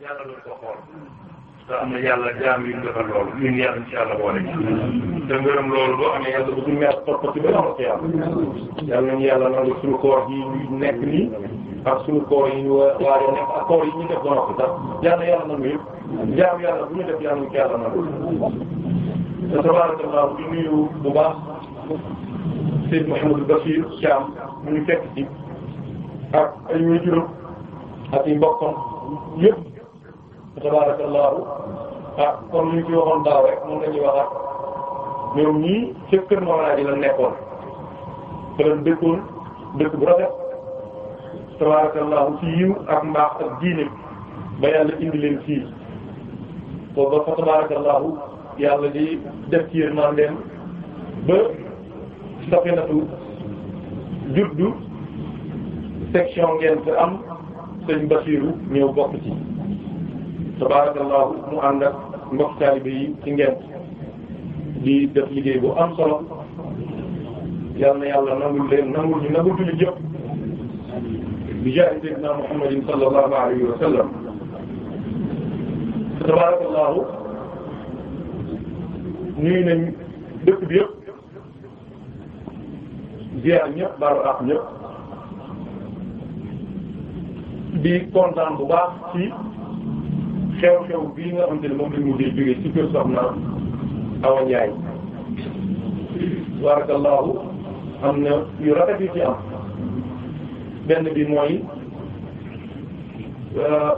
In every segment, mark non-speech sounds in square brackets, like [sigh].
yàlla loolu ko xool te am na yàlla jaam yu defal loolu ñun yàlla incha allah boole te ngërëm loolu boo amee yàlla bu ñu meer topp ci ba yomal xiyaam yàlla nañu yàlla nangu suñu koor yi ñu nekk nii ak suñu koor yi ñu waaye nekk ak koor yi ñu def ba noppi sax yàlla yàlla nangu yëpp jaam yàlla bu ñu def yàlla nañu yàlla nangu te tabarakallah di nuyu bu baax Seyd Mouhamadou Bachir Thiam mu ñu fekk ci ak ay wéjuram ak ay mbokkam yëpp tabarakallahu ah comme ñu ci waxoon daaw rek moom la ñuy waxaat ñoom ñii ca kër Mawla ji la nekkoon te lan dëkkoon dëkk bu rafet tabarakallahu ci yiw ak mbaax ak diine ba yàlla indi leen fii boobu fa tabarakallahu yàlla di def ci yéen maanaam ba Safinatu juddu section ngeen fa am sëñ Basiru ñëw bokk ci. tabarakallahu mu ànd ak mbokk yi ci ngeen di def liggéey bu am solo yal na yàlla leen nangul ñu yëpp bi jaay sayyidina muhammadin sallallahu alayhi wa sallam tabarakallahu nuyu nañ dëkk bi yëpp ziar ñëpp baalu ak ñëpp di kontaan bu baax ci xew-xew bii nga xam te ne moom lañ mujjee jógee ci kër Soxna Awa Ndiaye barakallahu am na yu rafet yu ci am benn bi mooy euh,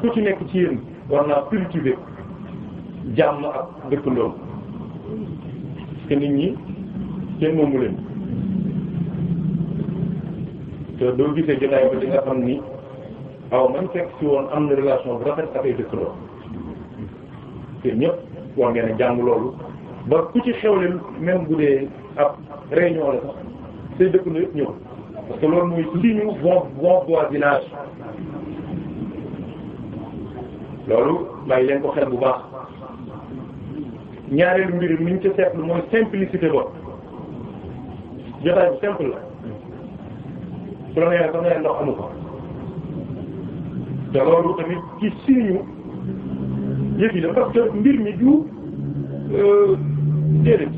ku ci nekk ci yéen war naa cultiver jàmm ak dëkkandoom parce que nit ñi kenn moomu leen te doo gisee jotaay ba di nga xam ni aw man fekk ci woon am na relation bu rafet ak ay dëkkandoo te ñëpp war ngeen a jàng loolu ba ku ci xewle même bu dee ab réunion la sax say dëkkandoo yëpp ñëw parce que loolu mooy liñu bon bon voisinage loolu bàyyi leen ko xel bu baax ñaareelu mbir mi ñu ci seetlu mooy simplicité ba jotaay bu simple la su la nee sax nee ndox amu ko te loolu tamit ci siriñu yëf yi la parce que mbir mi du euh, déedéet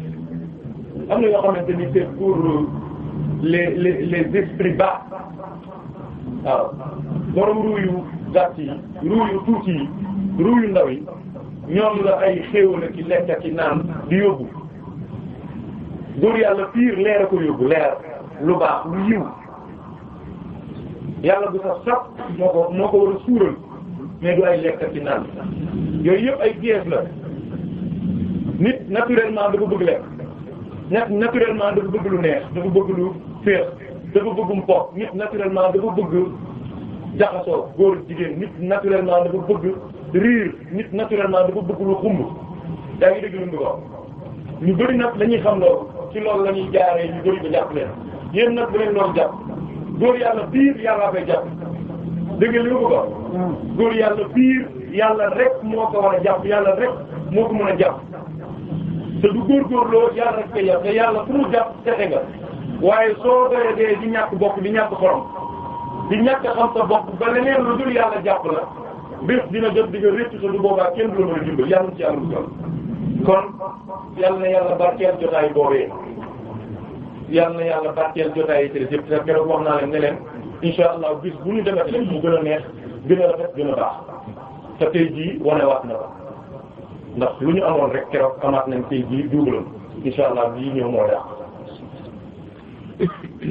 am na yoo xamante ni c'est pour euh, les les les esprits bas waaw borom ruuyu gàtt yi ruuyu tuuti yi ruuyu ndaw yi ñoom la ay xéewal ki lekk ak i naan di yóbbu góor yàlla pire leer a ko yóbbu leer lu baax lu yiw yàlla bu saf saf moo ko moo ko war a mais du ay lekk ci naan yooyu yëpp ay pièces la nit naturellement dafa bëgg lekk nit naturellement dafa bëgg lu neex dafa bëgg lu féex dafa bëggum po nit naturellement dafa bëgg jaxasoo góor jigéen nit naturellement dafa bëgg riir nit naturellement dafa bëgg lu xumb yaa ngi dégg lu mu ko ñu bëri nag lañuy xam loolu ci loolu la ñuy jaaree ñu bëri ba jàpp leen yéen nag bu leen loolu jàpp góor yàlla biir yàllaa koy jàpp dégg nga li ma bëgg a wax. Hmm. góor yàlla biir yàlla rek moo ko war a jàpp yàlla rek moo ko mën a jàpp te du góorgóorloo yàlla rek koy jàpp te yàlla fu mu jàpp texe nga waaye soo doyee dee di ñàkk bopp di ñàkk xorom di ñàkk xam sa bopp ba leneen lu dul yàlla jàpp la bés dina jot di nga rëccu sa du boobaa kenn du la mën a dimbali yàlla ci àll bi kon yàlla na yàlla barkeel jotaay boobee. yàlla na yàlla barkeel jotaay yi ci des yëpp te keroog wax naa leen ne leen insha allah bis bu ñu demee rek mu gën a neex gën a rafet gën a baax te tey jii wanewaat na ko ndax lu ñu amoon rek keroog amaat nañ tey jii duugaloon bi allah bii ñëw moo daax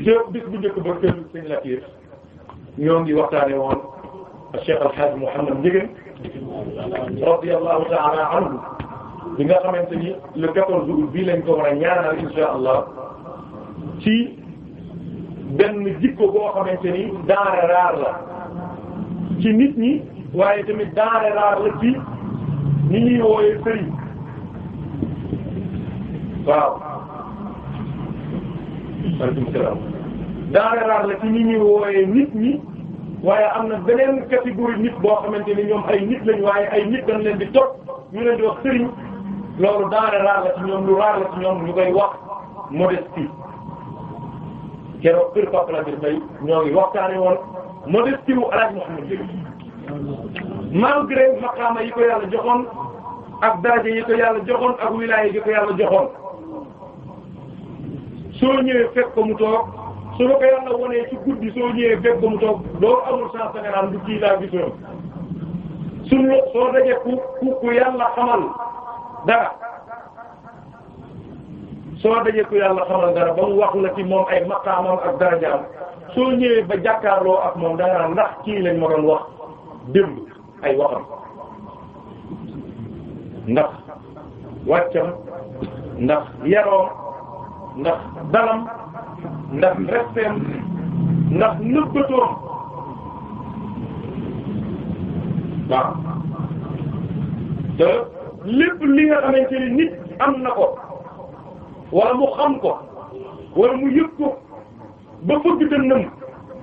jë bis bu njëkk ba kër sëñ Latir ñoo ngi waxtaane woon Al Hadj Mouhamed Ndieguène radiyallahu ta'ala anhu bi nga xamante ni ci benn jikko boo xamante ni denrée rare la ci nit ñi waaye tamit denrée rare la ci ñi ñuy wooyee sëriñ waaw aleykum salaam denrée rare la ci ñi ñuy wooyee nit ñi waaye am na beneen catégorie nit boo xamante ni ñoom ay nit lañu waaye ay nit dañ leen di topp ñu leen di wax sëriñ loolu denrée rare la ci ñoom lu rare la ci ñoom ñu koy wax modestie keroog kër Papa Lamine Mbaye ñoo ngi waxtaanee woon modestie wu El Hadj Mouhamed Gueye yi ko yàlla joxoon ak daraja yi ko yàlla joxoon ak wilaaya yi ko yàlla joxoon soo ñëwee fekk ko mu toog su la ko yàlla wonee ci guddi soo ñëwee fekk ko mu toog loolu amul chance da nga naan du kii laa gisoon suñu soo dajee ku ku ku yàlla xamal dara. soo dajee ko yàlla xamal dara ba mu wax la ci moom ay maqaamam ak darajaam soo ñëwee ba jàkkaarloo ak moom da nga ndax kii lañ ma doon wax démb ay waxam ndax wàccam ndax yaroom ndax dalam ndax restem ndax nëbbatoom waaw lépp li nga xamante ni nit am na ko wala mu xam ko wala mu yëg ko ba fëgg dënnam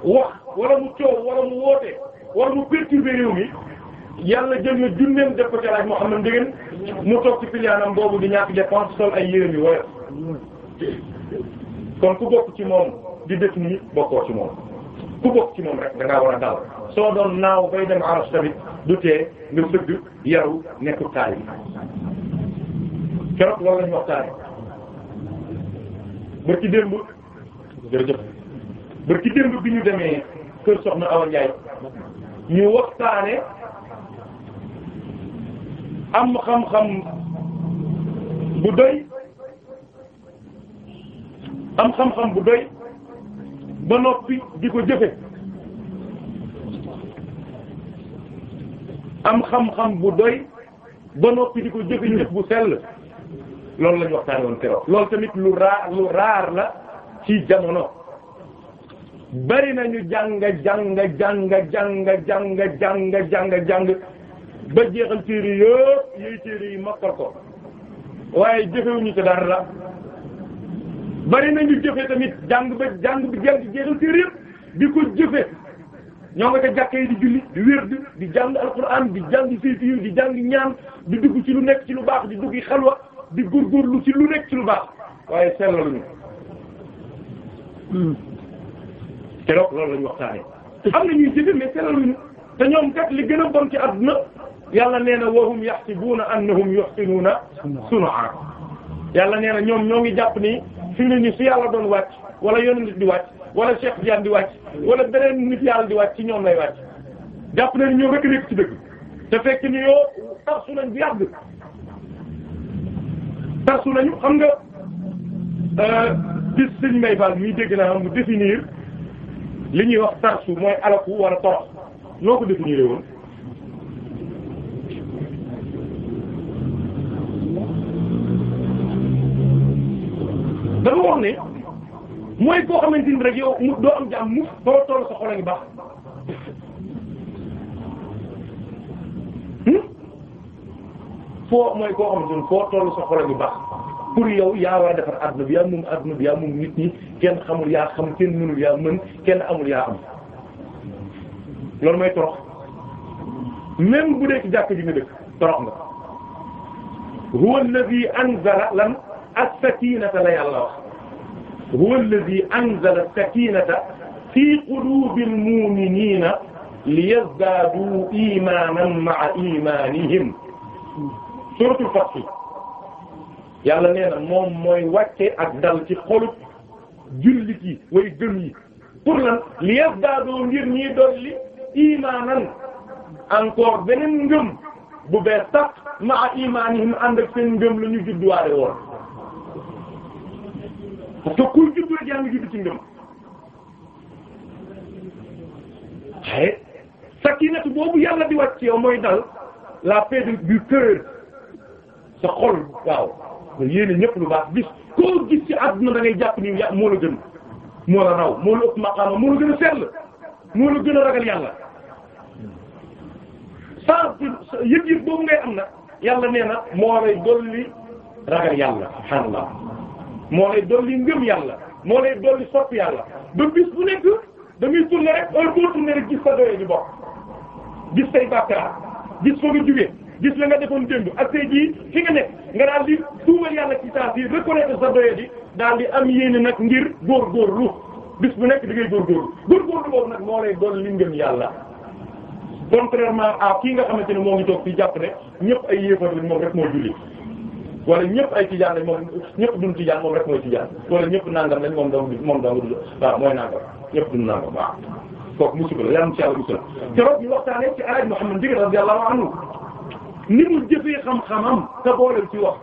wax wala mu coow wala mu woote wala mu perturber réew mi yàlla jël na junneem def ko ci laaj Mouhamed Ndieguène mu toog ci filiaanam boobu di ñàkk dépense sol ay yéreem yu woyof kon ku bokk ci moom di def nii bokkoo ci moom ku bokk war a dal soo doon naaw bay dem aras tamit du tee nga fëgg yaru nekku taay bërki démb jërëjëf bërki démb bi ñu demee kër soxna Awa Ndiaye ñu waxtaane am xam-xam bu doy am xam-xam bu doy ba noppi di ko jëfe am xam-xam bu doy ba noppi di ko jëfe jëf bu sell loolu la ñu waxtaanee woon keroog tamit lu raar lu raar la ci jamono bari nañu jàng jàng jàng jàng jàng jàng jàng jàng ba jeexal téere yëpp yooyu téere yi mokkal ko waaye jëfewuñu ci dara la bari nañu jëfe tamit jàng ba jàng bi jàng jeexal téere yëpp di ko jëfe ñoo nga ca jàkkee di julli di wérd di jàng di jàng saytu di jàng ñaan di dugg ci lu nekk ci lu baax di dugg xalwa di góorgóorlu ci lu nekk ci lu baax waaye sellaluñu te hmm. donc loolu la ñu am na ñuy jëfe mais sellaluñu te ñoom kat li gën a bon ci àdduna yàlla nee na wahum yahsibuna annahum yuhsinuna sun'a yàlla nee na ñoom ñoo ngi jàpp ni fi mu ne nii su yàlla doon wàcc wala yonent di wàcc wala Cheikh Diagne di wàcc wala beneen nit yàlla di wàcc ci ñoom lay wàcc jàpp na ni ñoo nekk ci dëgg te fekk ni yoo tarsu bu yàgg darsu nañu xam nga bis euh, sëñ Mbaye Fall mii dégg naa mu définir li ñuy wax darsu mooy alaku wala torox noo ko définir woon dafa wax ne mooy koo xamante ni rek yow mu doo am mu doo toll sa xol a ngi foo mooy koo xamante ni foo toll sa xol a ngi baax pour yow yaa war a defar adduna bi yaa moom adduna bi yaa moom nit ñi kenn xamul yaa xam kenn mënul yaa mën kenn amul yaa am loolu mooy torox même bu dee ci jàkk ji nga dëkk torox nga huwa alladhi anzala lan as-sakinata la yàlla wax huwa alladhi anzala as-sakinata fi qulubil mu'minina liyazdadu imanan ma'a imanihim suratul Fath yàlla nee moom mooy wàcce ak dal ci xolub jullit yi way gëm yi pour lan li yazdaadoo ngir ñii dolli imaanan encore beneen ngëm bu bees tax maa imaanihim ànd ak seen ngëm la ñu judduwaale woon parce que juddu rek yaa juddu ci ngëm waaye sakinatu boobu yàlla di wàcc yow mooy dal la paix du cœur sa xol waaw nga yéene ñëpp lu baax gis koo gis ci àdduna da jàpp ni ya moo la gën moo la raw moo la ëpp maqaama moo la gën a sell moo la gën a ragal yàlla sans yëg-yëg boobu ngay am na yàlla nee na moo lay dolli ragal yàlla subhaanallah moo lay dolli ngëm yàlla moo lay dolli sopp yàlla ba bis bu nekk dangay tourner rek heure boo rek gis sa doyee bokk gis say bàkkaar gis fa nga gis la nga defoon démb ak tey jii fi nga nekk nga daal di tuubal yàlla ci saa si reconnaître sa doye di daal di am yéene nag ngir góorgóorlu bis bu nekk di ngay góorgóorlu góorgóorlu boobu nag moo lay doon li ngëm yàlla contrairement à kii nga xamante ne moo ngi toog fi ne ñëpp ay yéefar lañ moom rek moo wala ñëpp ay tijaan lañ moom ñëpp duñ tijaan moom rek mooy tijaan wala ñëpp nangam lañ moom dong moom dong waaw mooy nangam ñëpp duñ nangam waaw kooku musiba la yàlla ci yàlla musal keroog ñu ni mu jëfee xam-xamam te boolem ci wax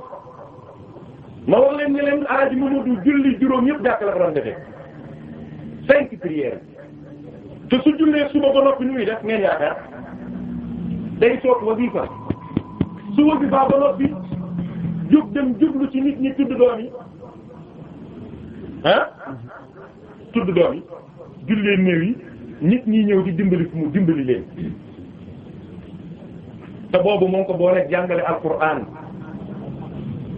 ma wax leen ne leen alaaji Mamadou julli juróom yëpp jàkk la ko doon defee te su jullee su ba noppi ñuy def ngeen yaakaar day soog wasifa su bi ba noppi jóg dem jublu ci nit ñi tudd doom yi tudd doom yi yi nit ñi ñëw di dimbali fu mu dimbali leen te boobu moo ngi ko booleeg jàngale alquran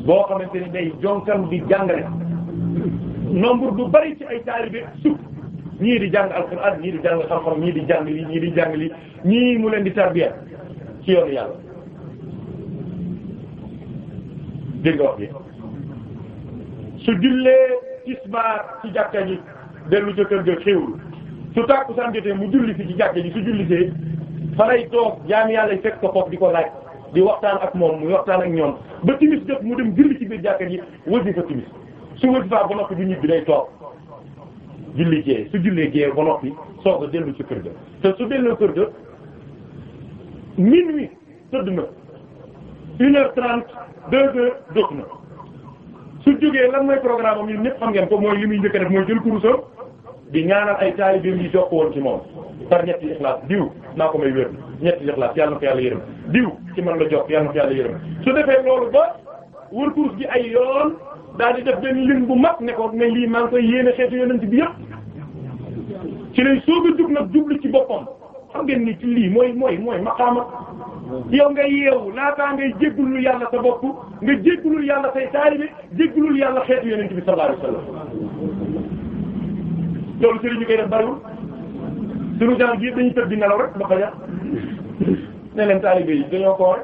xamante ni day jonkam di jàngale nombre du bari ci ay taalibe di jàng alquran ñii di jàng di jàng li ñii di jàng li ñii mu leen di tarbiya ci yoonu yàlla dégg nga ci jàkka ji dellu ca kër ga xéewlu su tàkkusaan jotee mu julli fi ci jàkka ji su jullisee fa lay toog jaami yàlla yi fekk ko foofu di ko laaj di waxtaan ak moom mu waxtaan ak ñoom ba timis jot mu dem julli ci biir jàkka ji wasifa timis su wasifa ba noppi du ñibbi day toog julli gée su jullee gée ba noppi soog dellu ci kër ga te su delloo kër ga minuit tëdd na une heure trente dëkk na su jógee lan mooy programme am ñun ñëpp xam ngeen ko mooy li muy njëkk def mooy jël kurusam di ñaanal ay taalibeem yi jokk woon ci moom par ñetti ixlaas diw naa ko may wér ñetti ixlaas yàlla na ko yàlla yërëm diw ci man la jokk yàlla na ko yàlla yërëm su defee loolu ba wër course gi ay yoon daal di def benn lim bu mag ne ko ne lii maa ngi koy yéene xeetu yonent bi yëpp ci lay soog a jug nag jublu ci boppam xam ngeen ni ci lii mooy mooy mooy maqaama yow nga yeewu laataa ngay jéggulul yàlla sa bopp nga jéggulul yàlla say taalibe jéggulul yàlla xeetu yonent bi sallallahu alayhi loolu sëriñ ñu koy def bariwul suñu genre gi dañuy tëdd di nelaw rek ba ko yàq ne leen taalibe yi dañoo ko war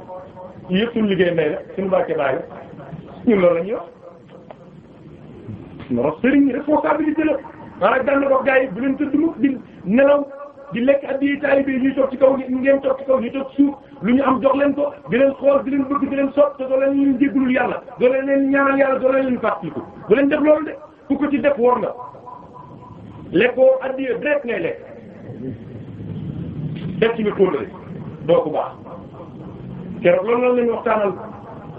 yëpp suñu liggéey may la suñu barke baay la ñun loolu la ñuy wax. non sëriñ responsabilité la a daan na ko gars bu leen tëdd mukk di nelaw di lekk ak di taalibe yi ñuy toog ci kaw ngeen toog ci kaw ñuy toog suuf lu ñu am jox leen ko di leen xool di leen bëgg di leen sopp te doo leen leen jégalul yàlla doo leen leen ñaanal yàlla doo leen leen fàttaliku bu leen def de ku nga. lekkoo addiya direct ngay lekk def ci biir kóolóore doo ko baax keroog loolu lan la ñu waxtaanal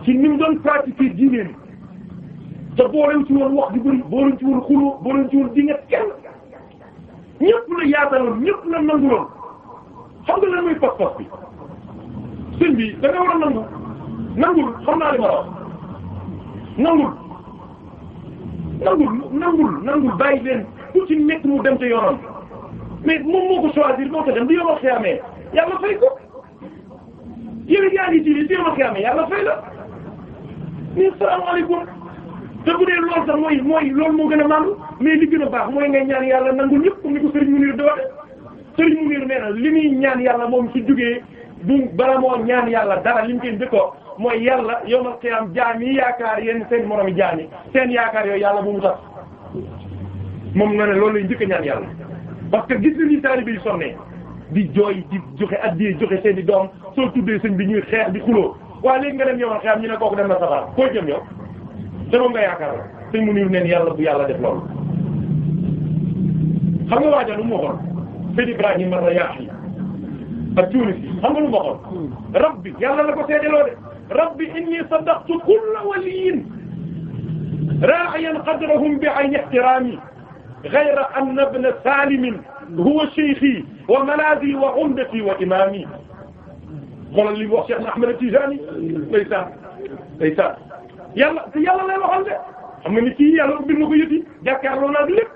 ci ni mu doon pratiquer diineem te boo leen ci woon wax di bëri boo leen ci woon xuloo boo leen ci woon dingat kenn ñëpp la yaataloon ñëpp la nanguloon xam nga lan mooy pas bi sëñ bi da nangul nangul nangul nangul nangul ku ci nekk mu dem te yoonam mais moom moo ko choisir moo ko dem du yomal xiyaamee yàlla fay ko yow it yaa ngi ci du yomal xiyaamee yàlla fay la ni salaamaaleykum te bu dee loolu mooy mooy loolu moo gën a maandu mais li gën a mooy ngay ñaan yàlla nangul ñëpp comme ni ko Serigne Mounir doole Serigne Mounir nee na li muy ñaan yàlla moom su jugee du bala moo ñaan yàlla dara li mu koy njëkkoon mooy yàlla yomal xiyaam jaam yi yaakaar yéen seen moromi jaam yi seen yaakaar yooyu yàlla bu mu tax. moom nga ne loolu lay njëkk a ñaan yàlla parce que gis na ni taalibe yi sonnee di jooy di joxe addiye joxe seen i doom soo tuddee sëñ bi ñuy xeex di xuloo waaye léegi nga dem yow xeex ñu ne kooku dem na safara koo jëm yow te moom nga yaakaar la sëñ mu niir neen yàlla bu yàlla def loolu xam nga waaja lu mu waxoon Seydi Ibrahima Rayaahi ak xam nga lu mu waxoon rabbi yàlla la ko seedeloo de rabbi inni saddaqtu kulla waliyin ra'iyan qadrahum bi ayni ihtirami gayra anna bna salimin huwa cheikhi wa malazi wa umdati wa imami xoolal li mu wax Cheikh na Ahmed Tijani ndeysaan ndeysaan yàlla te yàlla lay waxal de xam nga ni kii yàlla ubbi na ko yëti jàkkaarloo naa lépp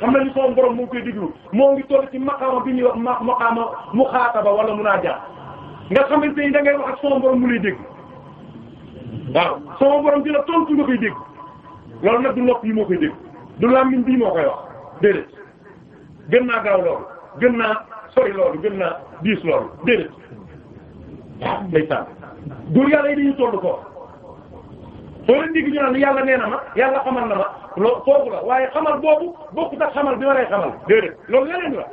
xam na ni son borom mu ngi koy déglu moo ngi toll ci maqaama bi ñuy wax ma maqaama muxaataba wala munaaja nga xamante ni da ngay wax ak son borom mu lay dégg waaw son borom dina tontu nga koy dégg loolu nag du nopp yi moo koy dégg. du làmmiñ bii moo koy wax gën naa gaaw loolu gën naa sori loolu gën naa diis loolu déedéet ndeysaan góor yàlla yi dañu tollu ko soo leen digg ñu naan yàlla nee na ma yàlla xamal na ma loo foofu waaye xamal boobu bokkut ak xamal bi ma lay xamal déedéet loolu leneen la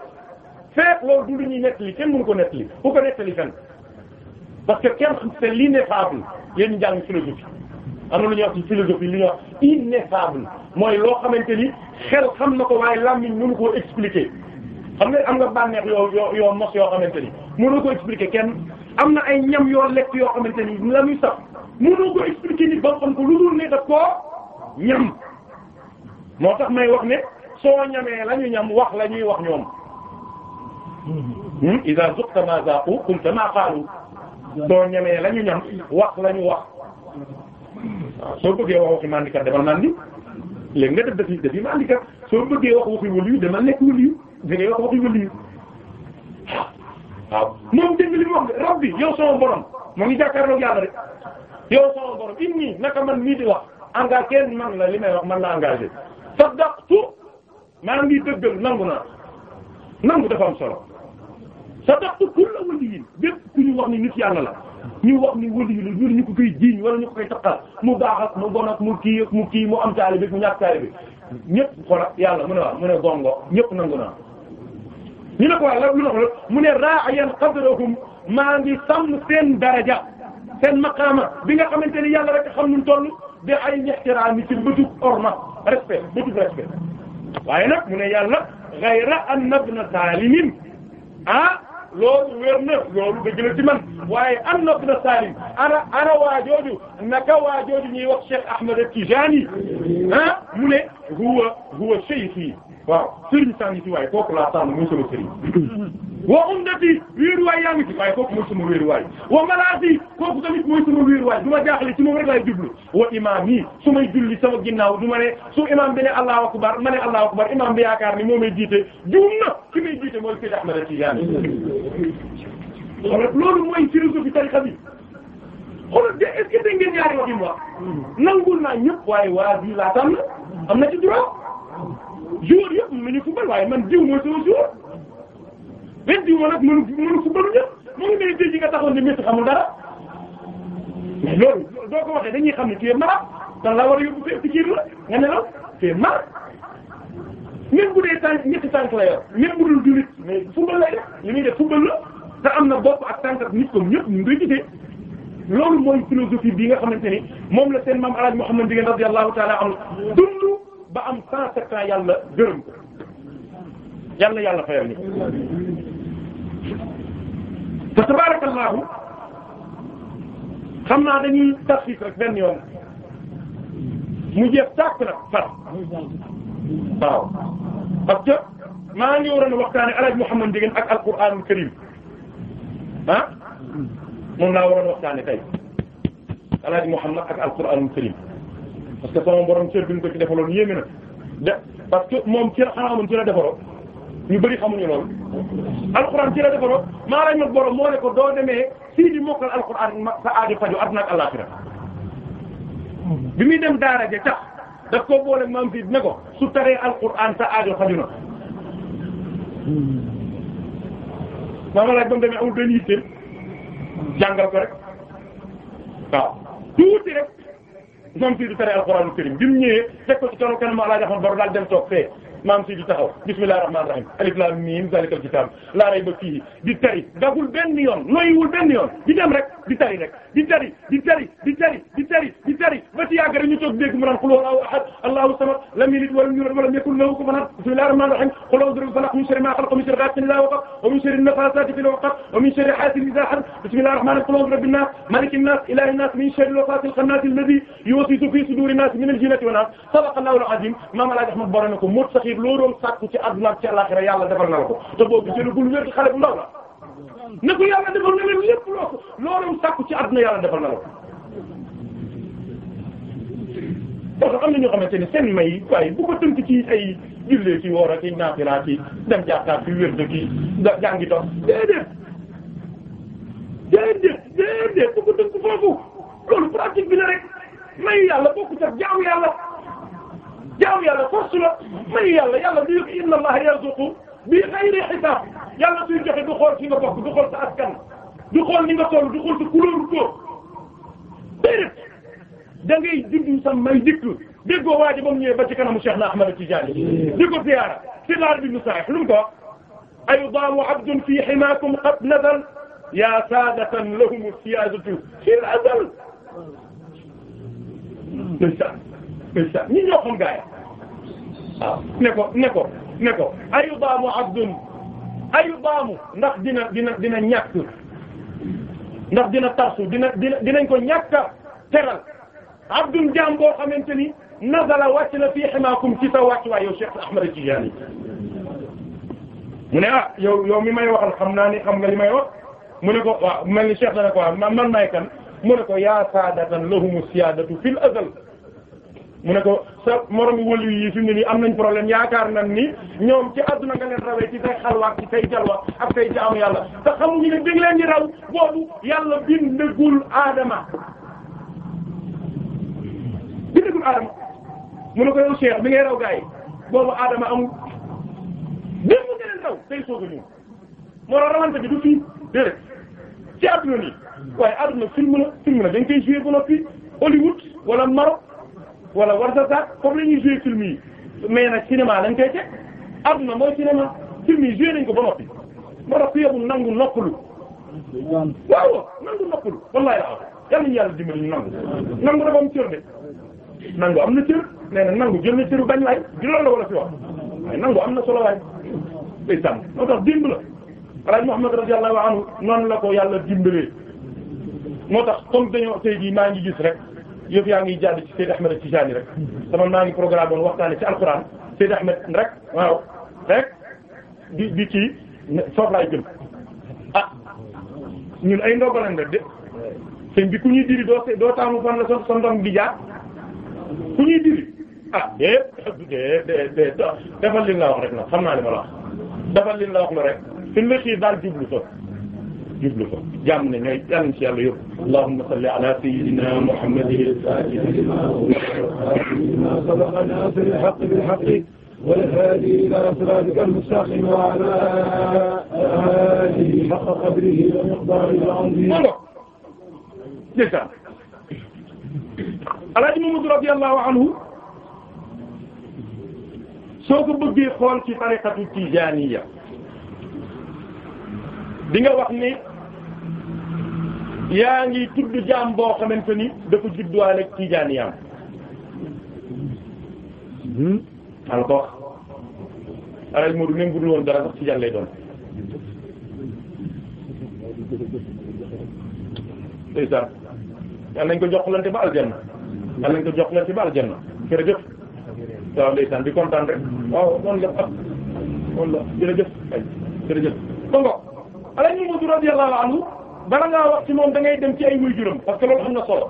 fekk loolu du lu ñuy nettali kenn mënu ko nettali ku ko nettali fenn parce que kenn c'est l'ineffable yéen njàng fi am na lu ñuy wax ci philosophie lu ñuy wax ineffable mooy loo xamante ni xel xam na ko waaye làmmiñ mënu koo expliquer xam nga am nga bànneex yoo yoo mos yoo xamante ni mënoo koo expliquer kenn am na ay ñam yoo lekk yoo xamante ni la sax mënoo ko expliquer ni ba xam ko lu dul ne daf koo ñam moo tax may wax ne soo ñamee la ñu ñam wax la ñuy wax ñoom hmm? a zuqta ma zaqu qulta ma qalu soo ñamee la ñu ñam wax la wax waaw soo bëggee wax waxi mandikat demal mandi léegi nga def dafi dafi mandikat soo bëggee wax waxi waliyu demal nekk waliyu da ngay wax waxi waliyu waaw moom dégg li mu wax rabbi yow sama borom mu ngi jàkkaarloog yàlla rek yow sama borom inni naka man mii di wax engagé kenn man la li may wax man la engagé saddaqtu maa ngi dëggal nangu naa nangu dafa am solo saddaqtu kullu waliyin bépp ku ñu wax ni nit yàlla la ñuy wax ni wëli yu la ñu ñu ko koy jiiñ wala ñu ko koy takkal mu baax ak mu bon ak mu kii ak mu kii mu am taali bi mu ñàkk taali bi ñëpp xoola yàlla mu ne waaw mu ne nangu naa ñu ne ko waaw mu ne ra'ayan qadrahum maa ngi sàmm seen daraja seen maqaama bi nga xamante ni yàlla rek xam nuñ toll de ay ihtirami ci bëtub orma respect bëtub respect waaye mu ne yàlla ghayra an nabna salimin ah loolu wér na loolu dëgg la ci man waaye am na na salim ana ana waa jooju naka waa jooju ñuy wax Cheikh Ahmed Tijani ah mu ne huwa huwa shaykhi waaw sëriñ saa ngi ci waaye kooku laa tànn muy sama sëriñ [coughs] wa umdati wéeruwaay yaa ngi ci waaye kooku mooy sama wéeruwaay wa malaati kooku tamit mooy sama wéeruwaay du ma jaaxle si moom rek laay jublu wa imaam yi may julli sama ginnaaw du ma ne su imaam bi ne allahu akbar ma ne allahu akbar imaam bi yaakaar ni moo may jiite juum na ki may jiite mooy Seydi Ahmed Tidiane xoolal loolu mooy philosophie tariqa bi xoolal de est-ce que dégg ngeen ñaari wax yi mu wax hmm. naa ñëpp waaye waa laa tànn am joueur yëpp mën nañu football waaye man diw mooy sama joueur benn diw ma nag mënu mënu football ñëpp mu ngi mel ni tey jii nga taxoon ne Messi xamul dara mais loolu doo ko waxee dañuy xam ne tu es malade dan la war a yóbbu fépp nga ne la tu es bu dee tànk ñetti tànk la yor même bu dul jullit mais football lay def muy def football la te am na bopp ak tànk ak nit comme ñëpp ñu ngi gisee loolu bi nga xamante ni moom la seen maam El Hadj Mouhamed Ndieguène radiyallahu ta'ala anhu dundu ba am cent sept ans yàlla gërëm ko yàlla yàlla fayal ni te tabarakallahu xam naa dañuy tafsir rek benn yoon mu jeex tàkk nag far waaw parce que maa ngi waroon a waxtaane El Hadj Mouhamed Ndieguène ak alquranul karim ah moom laa waroon a waxtaane tey El Hadj Mouhamed ak alquranul karim parce que sama borom cër bi ñu ko ci defaloon yéeme na de parce que moom cër xanaa ci la defaroo ñu bëri xamuñu loolu. alxuraan ci la defaroo maa lañ mag borom moo ne ko doo demee sii di mokkal alxuraan ma sa aajo faju àdduna ak àllaaxira bi muy dem daara ja tax daf koo boole maam fii ne ko su taree alxuraan sa aajo faju na. maama laaj ba demee amul benn yitte jàngal ko rek waaw tuuti rek. ñoom fii du tere alxuraanu karim bi mu ñëwee teg ko ci kanu kanamu Alaaji Axmad Baro daal dem toog fee maam si di taxaw bismillahir rahmanir rahim alif lam mim zalikal kitab la rayba fihi di tari dagul benn yoon noyyiwul benn yoon di dem rek di tari rek di tari di tari di tari di tari di tari ba ci yàgg rek ñu toog dégg mu naan qul huwallahu ahad allahu samad lam yalid walam yulad walam yakul lahu kufuwan ahad bismillahir rahmanir rahim qul a'udhu birabbil falaq min sharri ma khalaq min sharri ghasiqin idha waqab wa min sharri an-nafathati fil 'uqad wa min sharri hasidin idha hasad bismillahir rahmanir rahim qul a'udhu birabbin nas malikin nas ilahin nas min sharri al-wasawasil khannas alladhi yuwaswisu fi sudurin nas min al-jinnati wan nas sadaqa allahu al-azim maam Alaaji Ahmad Boro na ko mot saxir ngir loo doon sàkku ci àdduna ak ci àllaxira yàlla defal na la ko te boobu jëlagul wér xale bu ndaw la ne ko yàlla defal na leen lépp loo ko loo doon sàkku ci àdduna yàlla defal na la ko. parce que am na ñoo xamante ni seen may waaye bu ko tënk ci ay jullee ci woor ak i naafila ci dem jàkkaar ci wér dëkk yi nga jàngi dox déedéet déedéet déedéet bu ko tënk foofu loolu pratique bi la rek may yàlla bokku sax jaamu yàlla. jaamu yàlla force la mayu yàlla yàlla du yëg inna allaha yarzuqu bi ghayri hisaab yàlla suy joxe du xool fi nga bokk du xool sa askan du xool ni nga toll du xool sa couleur ko déedéet da ngay dund sa may dikk déggoo waaji ba mu ñëwee ba ci kanamu Cheikh na Ahmad Tidiane di ko ziyaara si laar bi nu sarex lu mu ko wax ayudaamu abdun fi himaakum qad nazal yaa saadatan lahum siyaadatu fil azal président ñu ñoo xam gaa yi waaw ne ko ne ko ayu baamu ayu baamu ndax dina dina dina ndax dina tarsu dina dina dinañ ko ñàkk a teral abdun jaam boo xamante ni nazala wàcc na fii ximaakum ci sa wàccuwaay yow Cheikh Ahmed Tidiane mu ne ah yow mi may waxal xam naa ni xam nga li may wax mu ne ko waaw mel ni Cheikh dana ko mu ne ko sa moromu wëliw yi fi mu ne nii am nañ problème yaakaar nan ni ñoom ci adduna nga leen rawee ci say xalwaat ci say jalwa ak say jaamu yàlla te xamuñu ne dégg leen di raw boobu yàlla bindagul aadama bindagul aadama mu ne ko yow Cheikh bi ngay raw gay yi boobu aadama amul mu leen raw day soog a ñëw moo tax rawante bi du fii déedéet ci adduna nii waaye adduna film la film la dañ koy jouer ba noppi Hollywood wala Maroc wala war sa sac comme la ñuy joué film yi mais nag cinéma lañ koy teg adduna mooy cinéma film yi joué nañ ko ba noppi ba noppi yobu nangu noppalu waaw nangu noppalu wallahi la yàlla ñu yàlla dimbali ñu nangu nangu dafa am cër de nangu am na cër nee na nangu jël na cëru bañ laay di loolu la wala fi wax waaye nangu am na solo waay day tàng moo tax dimb la alaaj Muhammad radiyallahu anhu noonu la ko yàlla dimbalee moo tax comme dañoo tey jii maa gis rek yëf yaa ngi jàll ci Seyd Ahmed Tijaani rek sama maa ngi programme woon waxtaane ci alxuraan Seyd Ahmed rek waaw rek di di kii foofu laay jëm ah ñun ay ndogalan de sëñ bi ku ñuy diri doo doo taamu fan la so sa ndong di jaar ku ñuy diri ah déet déet déet defal li nga wax rek na xam naa li ma defal li nga wax la rek suñ la xiir daal jublu so jublu ko jàmm ne ñooy jàmm ci yàlla yóbbu allahumma salli ala sayyidina muhammadin al-fatih lima sabaqana bil haqq bil haqq wal hadi ila siratika al-mustaqim wa ala alihi haqqa qadrihi wa miqdarihi al-azim Alaaji Mamadou radiyallahu anhu soo ko bëggee xool ci tariqatu tijaaniya di nga wax ni yaa ngi tudd jaam boo xamante ni dafa judduwaale ak tijaaniyaam hmm? al ko wax alaj Modou même bu dul dara sax tijaan lay doon tey sax yal nañ ko joxlante ba aljanna yal nañ ko joxlante ba aljanna jërëjëf waaw ndeysaan di rek waaw noonu la ah noonu la jërëjëf ay jërëjëf kon ko alaj Modou radiyallahu bala ngaa wax ci moom da ngay dem ci ay waajuram parce que loolu am na solo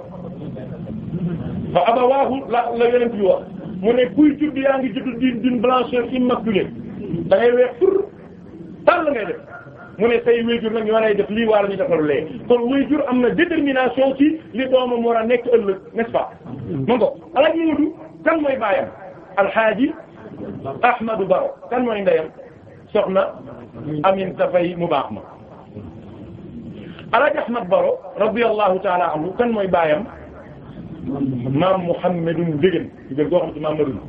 fa abawaahu la la yonent bi wax mu ne kuy judd yaa ngi judd di d'une blancheur immaculée da ngay weex tur tàll ngay def mu ne say waajur nag ñoo lay def lii waa la ñu defal lee kon waajur am na détermination ci li doomam war a nekk ëllëg n'est-ce pas man ko alaj moodu kan mooy baayam alxaaji ahmadou baro kan mooy ndeyam soxna amin dafay mu baax ma Alaaji Ahmad Baro radiyallahu taala anhu kan mooy baayam maam Muhammadun Ndieguène Ndieguène koo xam ci maam Madun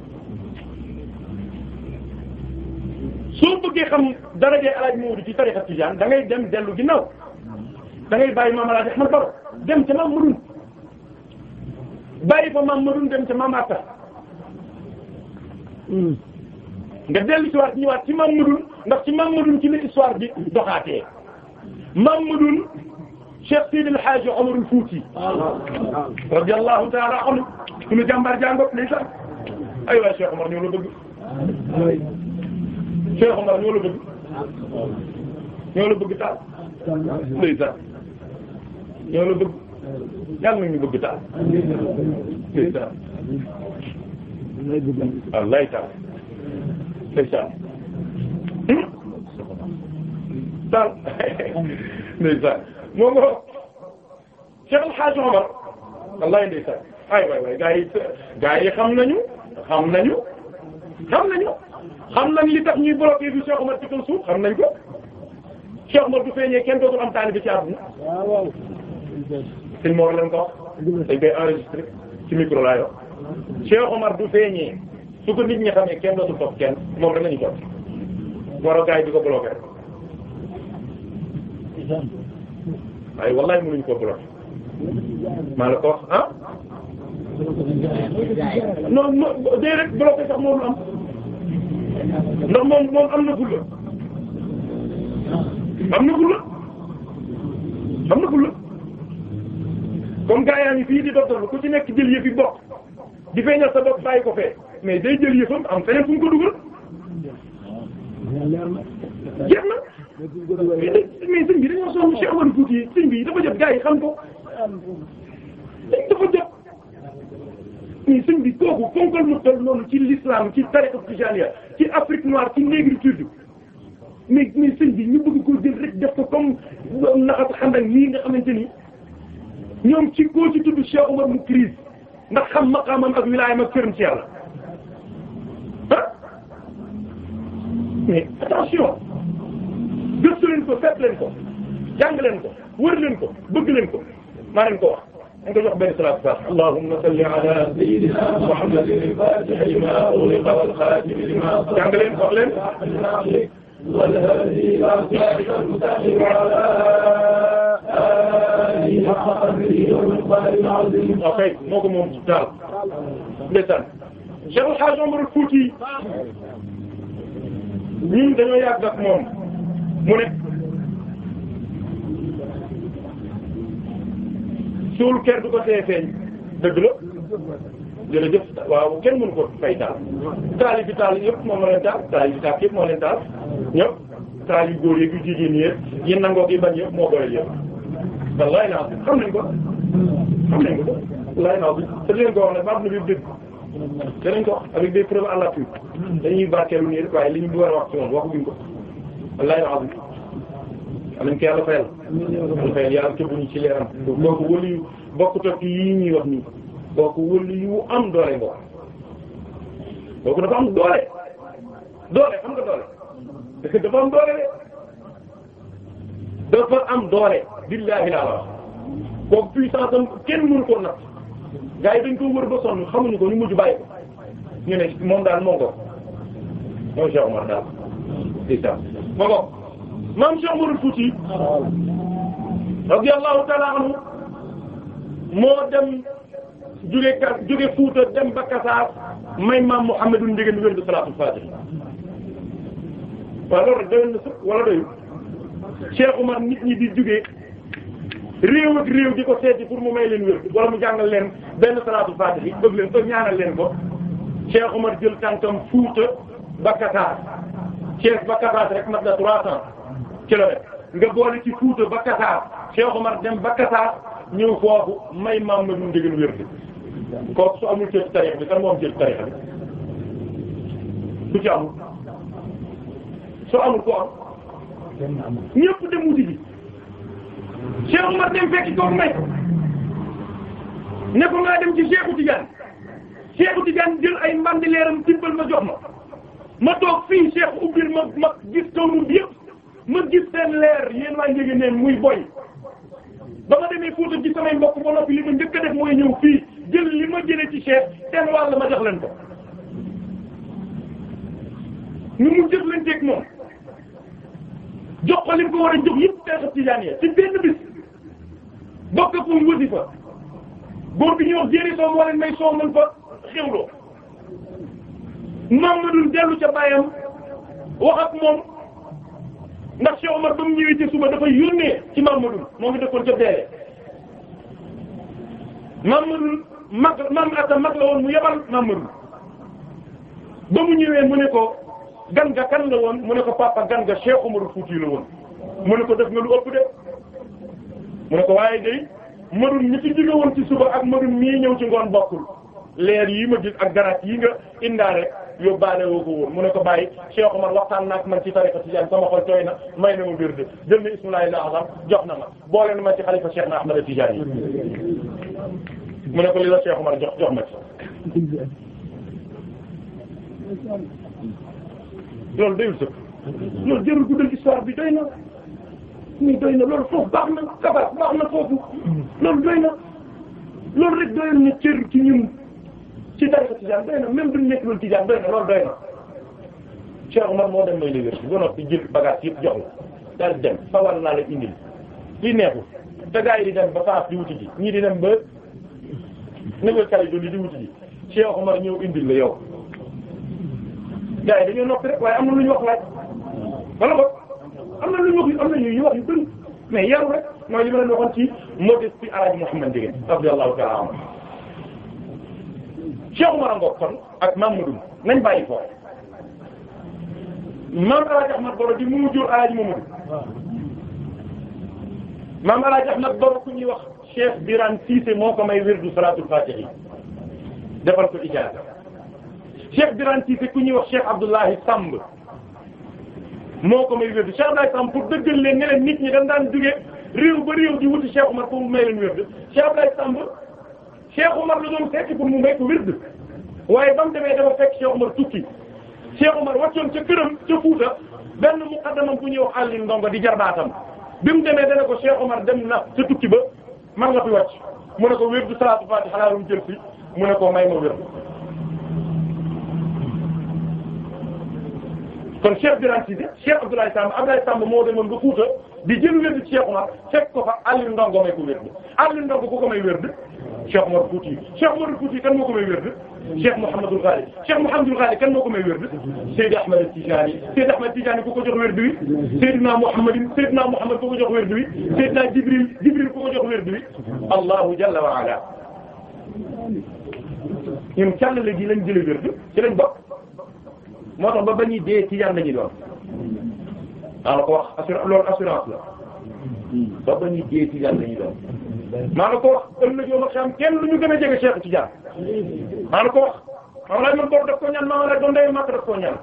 soo bëggee xam darajee Alaaji Maodo ci tariqa Tijaan da ngay dem dellu ginnaaw da ngay bàyyi maam Alaaji Ahmad Baro dem ca maam Madun bàyyi fa maam Madun dem ca maam Atta nga dellu si waat ñëwaat ci maam Madun ndax ci maam Madun ci la histoire bi doxaatee maam Madun Cheikh Sidil Hadji Omarul Fouti radiyallahu ta'ala anhu suñu jàmbaar jàngoot lii sax ay waay Cheikh Omar ñoo la bëgg Cheikh Omar ñoo la bëgg ñoo la bëgg taal lii sax ñoo la bëgg yàlla nañu bëgg taal lii sax wallaay taal lii sax hmm? taal lii [laughs] sax moo ngo Cheikh El Hadj Omar wallaay ndeysaan ay waay waay gaa yi gaa yi xam nañu xam nañu xam nañu xam na li tax ñuy bloqué bi Cheikh Omar ci kaw suuf xam nañ ko Cheikh Omar du feeñee kenn dootul am taalibe ci àdduna waaw suñ moo leen ko wax dañ koy enregistré ci micro laa yor Cheikh Omar du feeñee su ko nit ñi xamee kenn dootul topp kenn moom rek lañu topp a gaa yi ay wallaay mënuñ ko bloqué maa la ko wax ah non non day rek bloqué sax moom lu am ndax am na fulla am na fulla am na fulla comme gaa yaa fii di docteur ku ci nekk jël yëf yi di feeñal sa bopp bàyyi ko fee mais day jël am feneen fu mu ko dugal na mais sëñ bi dañoo sonn Cheikh Omar Fouti sëñ bi dafa jot gars yi xam ko dafa jot mais sëñ bi kooku fonkal mu toll ci l'islam ci tariqa tijaniya ci Afrique noire ci négritude mais mi sëñ bi ñu bëgg koo jël rek def ko comme naxatu xam ak nii nga xamante ni ñoom ci koo ci tudd Cheikh Omar mu crise ndax xam maqaamam ak wilaayam ak këram ci yàlla ah attention gëstu leen ko fépp leen ko jàng leen ko wër leen ko bëgg leen ko maa leen ko wax. dañ ko jox benn salaatu faat allahumma salli ala sayyidina muhammadin al-fatihi lima ughliqa wal khatimi lima sabaqa jàng leen wax leen. والهادي إلى صراطك المستقيم وعلى آله حق قدره ومقداره العظيم. ok moo ko moom daal. ndeysaan. Cheikh El Hadj Omar Fouti ñun dañoo yàgg ak moom. mu ne suul ker du ko see feeñ dëgg la jërëjëf waaw kenn mënu ko fay taal taal bi taal yëpp moom moo leen taal taal bi taal yëpp moo leen taal ñëpp taal yu góor yi yu jigéen yëpp yéen nangoo yi bañ yëpp moo doy yëpp wallaay naa xam ko xam nañ ko wallaay bi te leen ko wax ne baax na bi dëgg danañ ko wax avec des preuves à l'appui dañuy barkeelu nii rek waaye war a wax ci moom waxuñu ko wallaahi alazim nañ ko yàlla fayal yàlla fayal yàlla tëbbuñu ci leeram kooku wëli yu bokku toog yii ñuy wax nii kooku wëli yu am doole nga wax kooku dafa am doole doole xam nga doole parce [laughs] que dafa am doole de dafa am doole billaahi laa wax kooku puissance am kenn mënu ko natt gars yi dañ ko wër ba sonn xamuñu ko ñu mujj bàyyi ko ñu ne moom daal moo ko mooy Cheikh daal ma ko maam Cheikh Oumar Fouti radiyallahu ta'ala anhu moo dem jóge ka jóge Fuuta dem ba Kasaar may maam Muhammadul Ndieguène bi wérdu salaatul faatih waaw loolu rek doyoon na nit ñi di jóge réew ak réew di ko seeti pour mu may leen wér wala mu jàngal leen benn salaatul faatih bëgg leen ko ñaanal leen ko Cheikh Oumar jël tànkam Fuuta ba Kasaar Thiès ba Kasaas rek mat na 300 kilomètres nga boole ci Fuuta ba Kasaas Cheikh Omar dem ba Kasaas ñëw foofu may maam ma dum déglu wér bi kooku su amul cër tarix bi kan moo am cër tarix bi du ci amul su amul ko am ñëpp dem wuti bi Cheikh Omar dem fekki kooku may ne ko ngaa dem ci Cheikhu Tidiane Cheikhu Tidiane jël ay mbandi leeram tibbal ma jox ma ma toog fii seex ubbil ma ma gis kawnun bi yëpp ma gis seen leer yéen waa njëgi neen muy boy ba ma demee Fuuta ci samay mbokk ba noppi li ma njëkk a def mooy ñëw fii jël li ma jëlee ci Cheikh seen wàll ma jox leen ko ñu mu jëf leen teeg moom jox ko li mu ko war a jox yëpp teexat ci jaaniya ci benn bis bokk ak moom wasifa góor bi ñuy wax moo leen may soow man fa xewloo Muhammadun dellu ca bàyyam wax ak moom ndax Cheikh Omar ba mu ñëwee ca suba dafa yónnee ci Muhammadun moo ngi dëkkoon ca deere Muhammadun mag mam ata mag la woon mu yebal Muhammadun ba mu ñëwee mu ne ko gan ga kan la woon mu ne ko papa gan ga Cheikh Omar Fouti la woon mu ne ko def nga lu ëpp de mu ne ko waaye day madun ñi ci jóge woon ci suba ak madun mii ñëw ci ngoon bokkul leer yii ma gis ak garaat yi nga indaale yóbbaale woo ko woon mu ne ko bàyyi Cheikh Omar waxtaan naak man ci tariqa Tidiane sama xol tooy na may na ma biir de jël na ismulayi la asam jox na ma boole na ma ci xalifa Cheikh na Ahmad Tidiane mu ne ko li la Cheikh Omar jox jox ma ci loolu dayul sëkk loolu jërul guddal histoire bi doy na ni doy na loolu foofu baax na kabar baax na foofu loolu ci dara tijaan doy na même duñ nekk loolu tijaan doy na loolu doy na Cheikh Omar moo dem may université ba noppi jël bagage yëpp jox la daal dem sawar naa la indil li neexul te gars yi di dem ba Fass di wuti ji ñii di dem ba Nouvelle-Calédonie di wuti ji Cheikh Omar ñëw indil la yow gars yi dañoo noppi rek waaye am na lu ñu wax laaj wala boog am na lu ñu wax yu am na ñu wax yu bëri mais yaru rek mooy li ma leen waxoon ci modestie alaji Muhammad Ndieguène radiyallahu ta'ala anhu Cheikh Umar Ngor kon ak Mamadou nañ bàyyi foofu maam El Hadj Ahmad Boro di mu jur El Hadj Mamadou maam El Hadj Ahmad Boro ku ñuy wax Cheikh Birane Cissé moo ko may wirdu salaatul faatihi defal ko ijaaza Cheikh Birane Cissé ku ñuy wax Cheikh Abdoulahi Samb moo ko may wirdu Cheikh Abdoulahi Samb pour dëggal leen ne leen nit ñi dañ daan jóge réew ba réew di wuti Cheikh Umar pour mu may leen wirdu Cheikh Abdoulahi Samb. Cheikh Umar la doon fekk pour mu nekk wird waaye ba mu demee dafa fekk Cheikh Umar tukki Cheikh Umar wàccoon ca këram ca Fuuta benn mu muqaddamam bu ñëw wax Alioune Ndongo di jarbaatam bi mu demee dana ko Cheikh Umar dem na ca tukki ba man nga fi wàcc mu ne ko wird salaatu faatiha xanaa lu mu jël si mu ne ko may ma wird kon Cheikh Birane Cissé Cheikh Abdoulaye Samb Abdoulaye Samb moo demoon ba Fuuta di jël wérdu ci Cheikh Omar fekk ko fa Aliou Ndongo may ko ko may wérdu Cheikh Omar Fouti Cheikh ko may wérdu Cheikh Mouhamadul Ghali ko may wérdu Seydi Ahmed Tijani Seydi ko jox wérdu wi Seydina Mouhamadin Seydina Mouhamad ko jox wérdu wi Seydina Jibril Jibril ku ko jox wérdu wi Allahu jalla wa ala ñun càllale gi lañ jëlee wérdu ci lañ bokk moo tax ba ba ñuy dee tijaan la ñuy doon maa la ko wax assurance loolu assurance la ba ba ñuy dee tijaan la ñuy doon maa la ko wax ëllëg yow ma xam kenn lu ñu gën a jege Cheikh Tidiane maa la ko wax maa la ñun bor daf ko ñaan maa la doon day màkk daf ko ñaan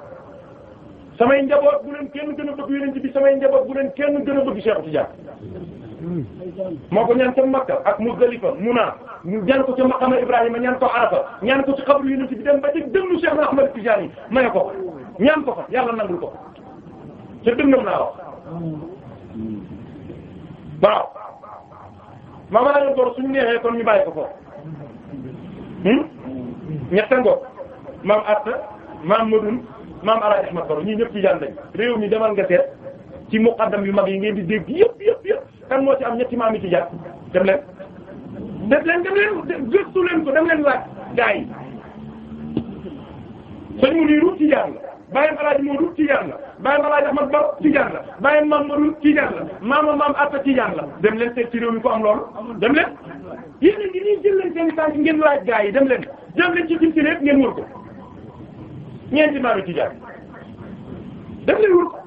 samay njaboot bu leen kenn gën a bëgg yeneen bi samay njaboot bu leen kenn gën a bëgg Cheikh Tidiane moo ko ñaan ca Makka ak Muzdalifa Muna ñu ñaan ko ca ibrahim Ibrahima ñan ko Arafa ñaan ko ci xabru Yunus bi dem ba ci dënnu Cheikh Ahmad Tijani maye ko ñaan ko fa yàlla nangul ko ca dënnam naa wax waaw maama la ñu bor suñu neexee kon ñu bàyyi ko ko hmm? ñetta ngoog maam ma maam Madoune maam Ara Ahmad Baro ñii ñëpp ci jaan lañ réew mi demal nga seet ci muqaddam yu mag yi ngeen di dégg yëpp yëpp kan moo ci am ñetti maam yi ci jàpp dem leen def leen dem leen gëstu leen ko dem leen laaj gaa yi sëñ Muniru Tijaan la bàyyam Alaaji Moodu Tijaan la bàyyam Alaaji Ahmad Ba Tijaan la bàyyam Maam Moodu Tijaan la maama la dem leen seet ci réew mi ko am loolu dem leen yéen a ngi nii jël leen seen tànk ngeen laaj gaa yi dem leen dem leen ci dimti lépp ngeen wër ko ñeenti maam yi Tijaan dem leen wër ko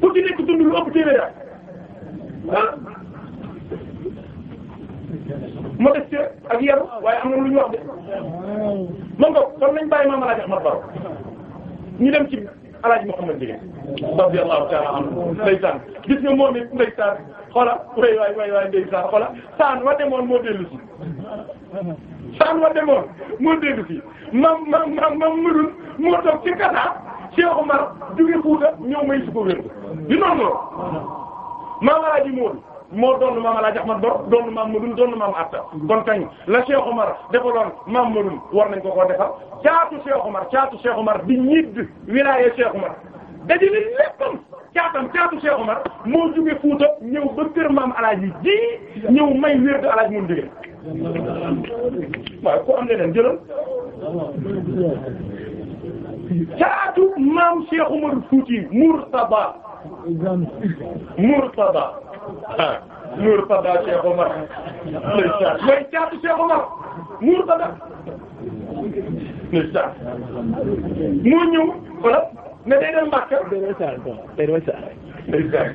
ku ci nekk dund lu ëpp téeméer ah modeste ak yaru waaye am na lu ma wax de man nga kon nañ bàyyi maam El Hadj Ahmad Baro ñu dem ci El Hadj Mouhamad Ndieguène radiyallahu ta'ala anhu ndeysaan gis nga moom way way waay ndeysaan xola saan wa demoon moo dellu si saan wa ma moo dellu si mam mam mam mam mudul moo toog ci kasa Cheikh Omar jóge Fuuta ñëw may di noonu maam alaaji Moodu moo doon maam alaaji Ahmad Baro doon maam Moodu doon maam Atta kon kañ la Cheikh Omar defaloon maam Moodu war nañ ko koo defal caatu Cheikh Omar caatu Cheikh Omar di ñidd wilaya Cheikh Omar dajale léppam caatam caatu moo jóge Fuuta ñëw ba kër maam alaaji ji ñëw may wérdu alaaji Moodu jóge waaw ku am leneen jëlal caatu maam Cheikh Omar Fuuti Murtaba Murtada ah Murtada Cheikh Omar mooy caatu Cheikh Omar Murtada moo ñëw wala ne day dem Makka dégg nga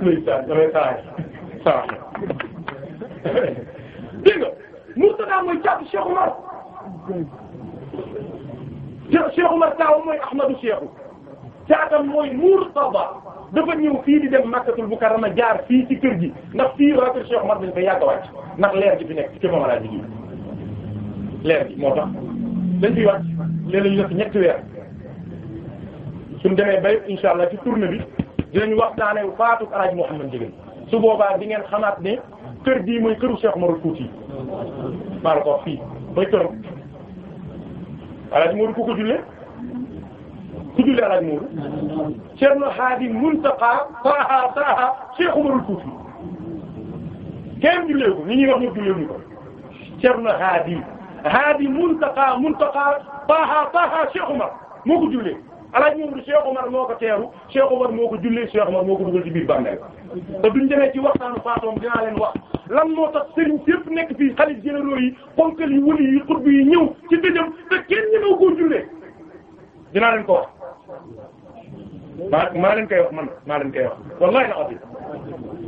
Murtada mooy caatu Cheikh Omar Cheikh Omar taaw mooy Ahmadou Cheikhou caatam mooy Murtada dafa ñëw fii di dem Makkatul Mukarrama jaar fii ci kër gi ndax fii waa kër Cheikh Omar dañ koy yàgg a wàcc ndax leer gi fi nekk ci Mamadou Adjou leer gi moo tax dañ fiy wàcc léeg-léeg ñu def ñetti weer suñ demee bay incha allah ci tournée bi dinañ waxtaanee faatu Alaaji Mouhamed Ndieguène su boobaa di ngeen xamaat ne kër gii mooy këru Cheikh Omar Fouti maa la ko fii mooy këram Alaaji Mouhamed ku ko jullee. ku julli alaaj Moodu Cerno Haadi Muntaqa Taaha Taaha Cheikh Umarul Fuuti kenn jullee ko ni ñuy wax ñu jullee ñu ko Cerno Haadi Haadi Muntaqa Muntaqa Taaha Taaha Cheikh Umar moo ko jullee alaaj Moodu Cheikh Umar moo ko teeru Cheikh Umar moo ko jullee Cheikh Umar moo ko dugal ci biir bàmmeel te duñ demee ci waxtaanu faatoom dinaa leen wax lan moo tax sëriñ nekk fii xalifa généraux a ponkal yi wëli yi xutb yi ci dëjëm ko maa maa leen koy wax man maa leen koy wax wallahi na ati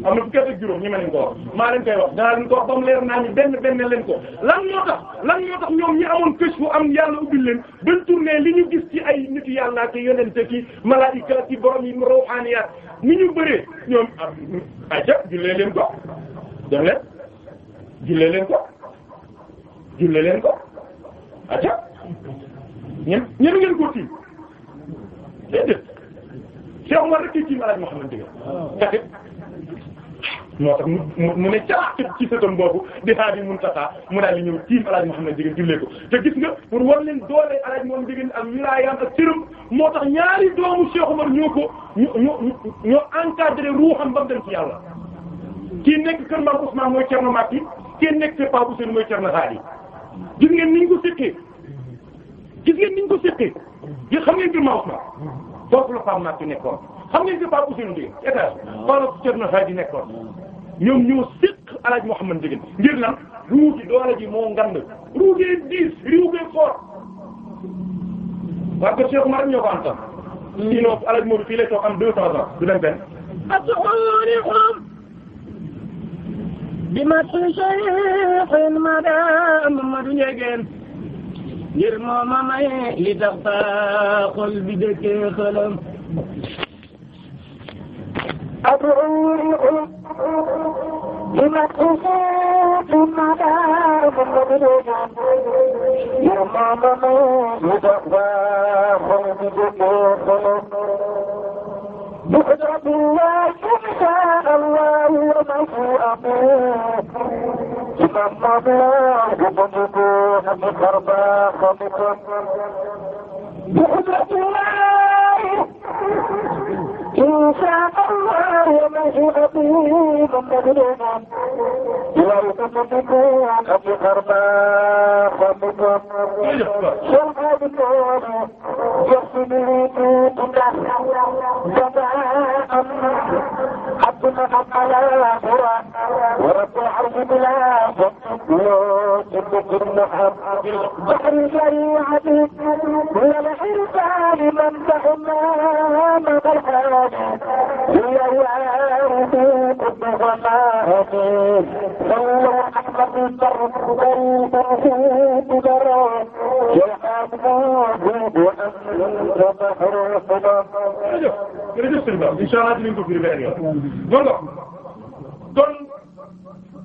am na fukki at juróom ñi ma ko wax maa leen koy wax danaa leen ko ba mu leer naa ñu benn benn leen ko lan moo tax lan moo ñoom ñi amoon kës fu am yàlla ubbil leen bañ tourné li ñu gis ci ay nit yàlla ki yonente ki malaayika ki borom yi ruhaniyaat ni ñu bëree ñoom aja jullee leen ko jox leen jullee ko jullee leen ko aja ñen ñen ngeen Cheikh Omar rek kii tiim alaaj Muhammad digal taxit moo tax mu ne carax ci sëtam boobu di haadi Muntaxa mu daal di ñëw tiim alaaj Muhammad digal jullee ko te gis nga pour wan leen doole alaaj moom digal ak wilaayam ak cëram moo tax ñaari doomu Cheikh Omar ñoo ko ñu ñoo ñoo encadré ruuxam ba mu dem ci yàlla kii nekk kër Mame Ousmane mooy Cerno Makki kii nekk kër Pape Ousseynou mooy Cerno yi gis ngeen niñ ko séqee gis ngeen niñ ko séqee xam foofu la Pape Matou nekkoon xam ngeen que Pape Ousseynou Ndieguène ci étage foofu la Thierno Hadji nekkoon ñoom ñoo séq El Hadj Mouhamed Ndieguène lan ruugi doole ji moo ngand ruugee diis ruugee fort waa kër Cheikh Oumar ñoo ko antam mm. sinon El Hadj Modou fii lay toog am deux cent ans du dem benn atoxoonixom bi ma si Cheikh Mamadou Ndieguène ngir moo ma maye li tax saa xol bi dëkkee xëlam لما كنت ما دار من بدنا يا ماما ما يدعى خلقك خلق بقدرة الله سبحان الله وما هو أبوك imam mamour bu bonjugo hamdi farba xamikon bi xudratulahi inshaa allah وموهبته ممدودا إليك مدكون أبي غربا خمكم شرع بالنور يحسن لي توتك جزاء ربك حق لا ترى ورب العرش بلا يوسف النحب بحر شريعة ولحرفان من تحمام بالحاج هي يعرفوك بغماهم صلوا أحمد الشر بريد في تجرى يا حبيب وأنت محروم jërëjëf sëñ Ba incha ko firi beneen yoon. donc kon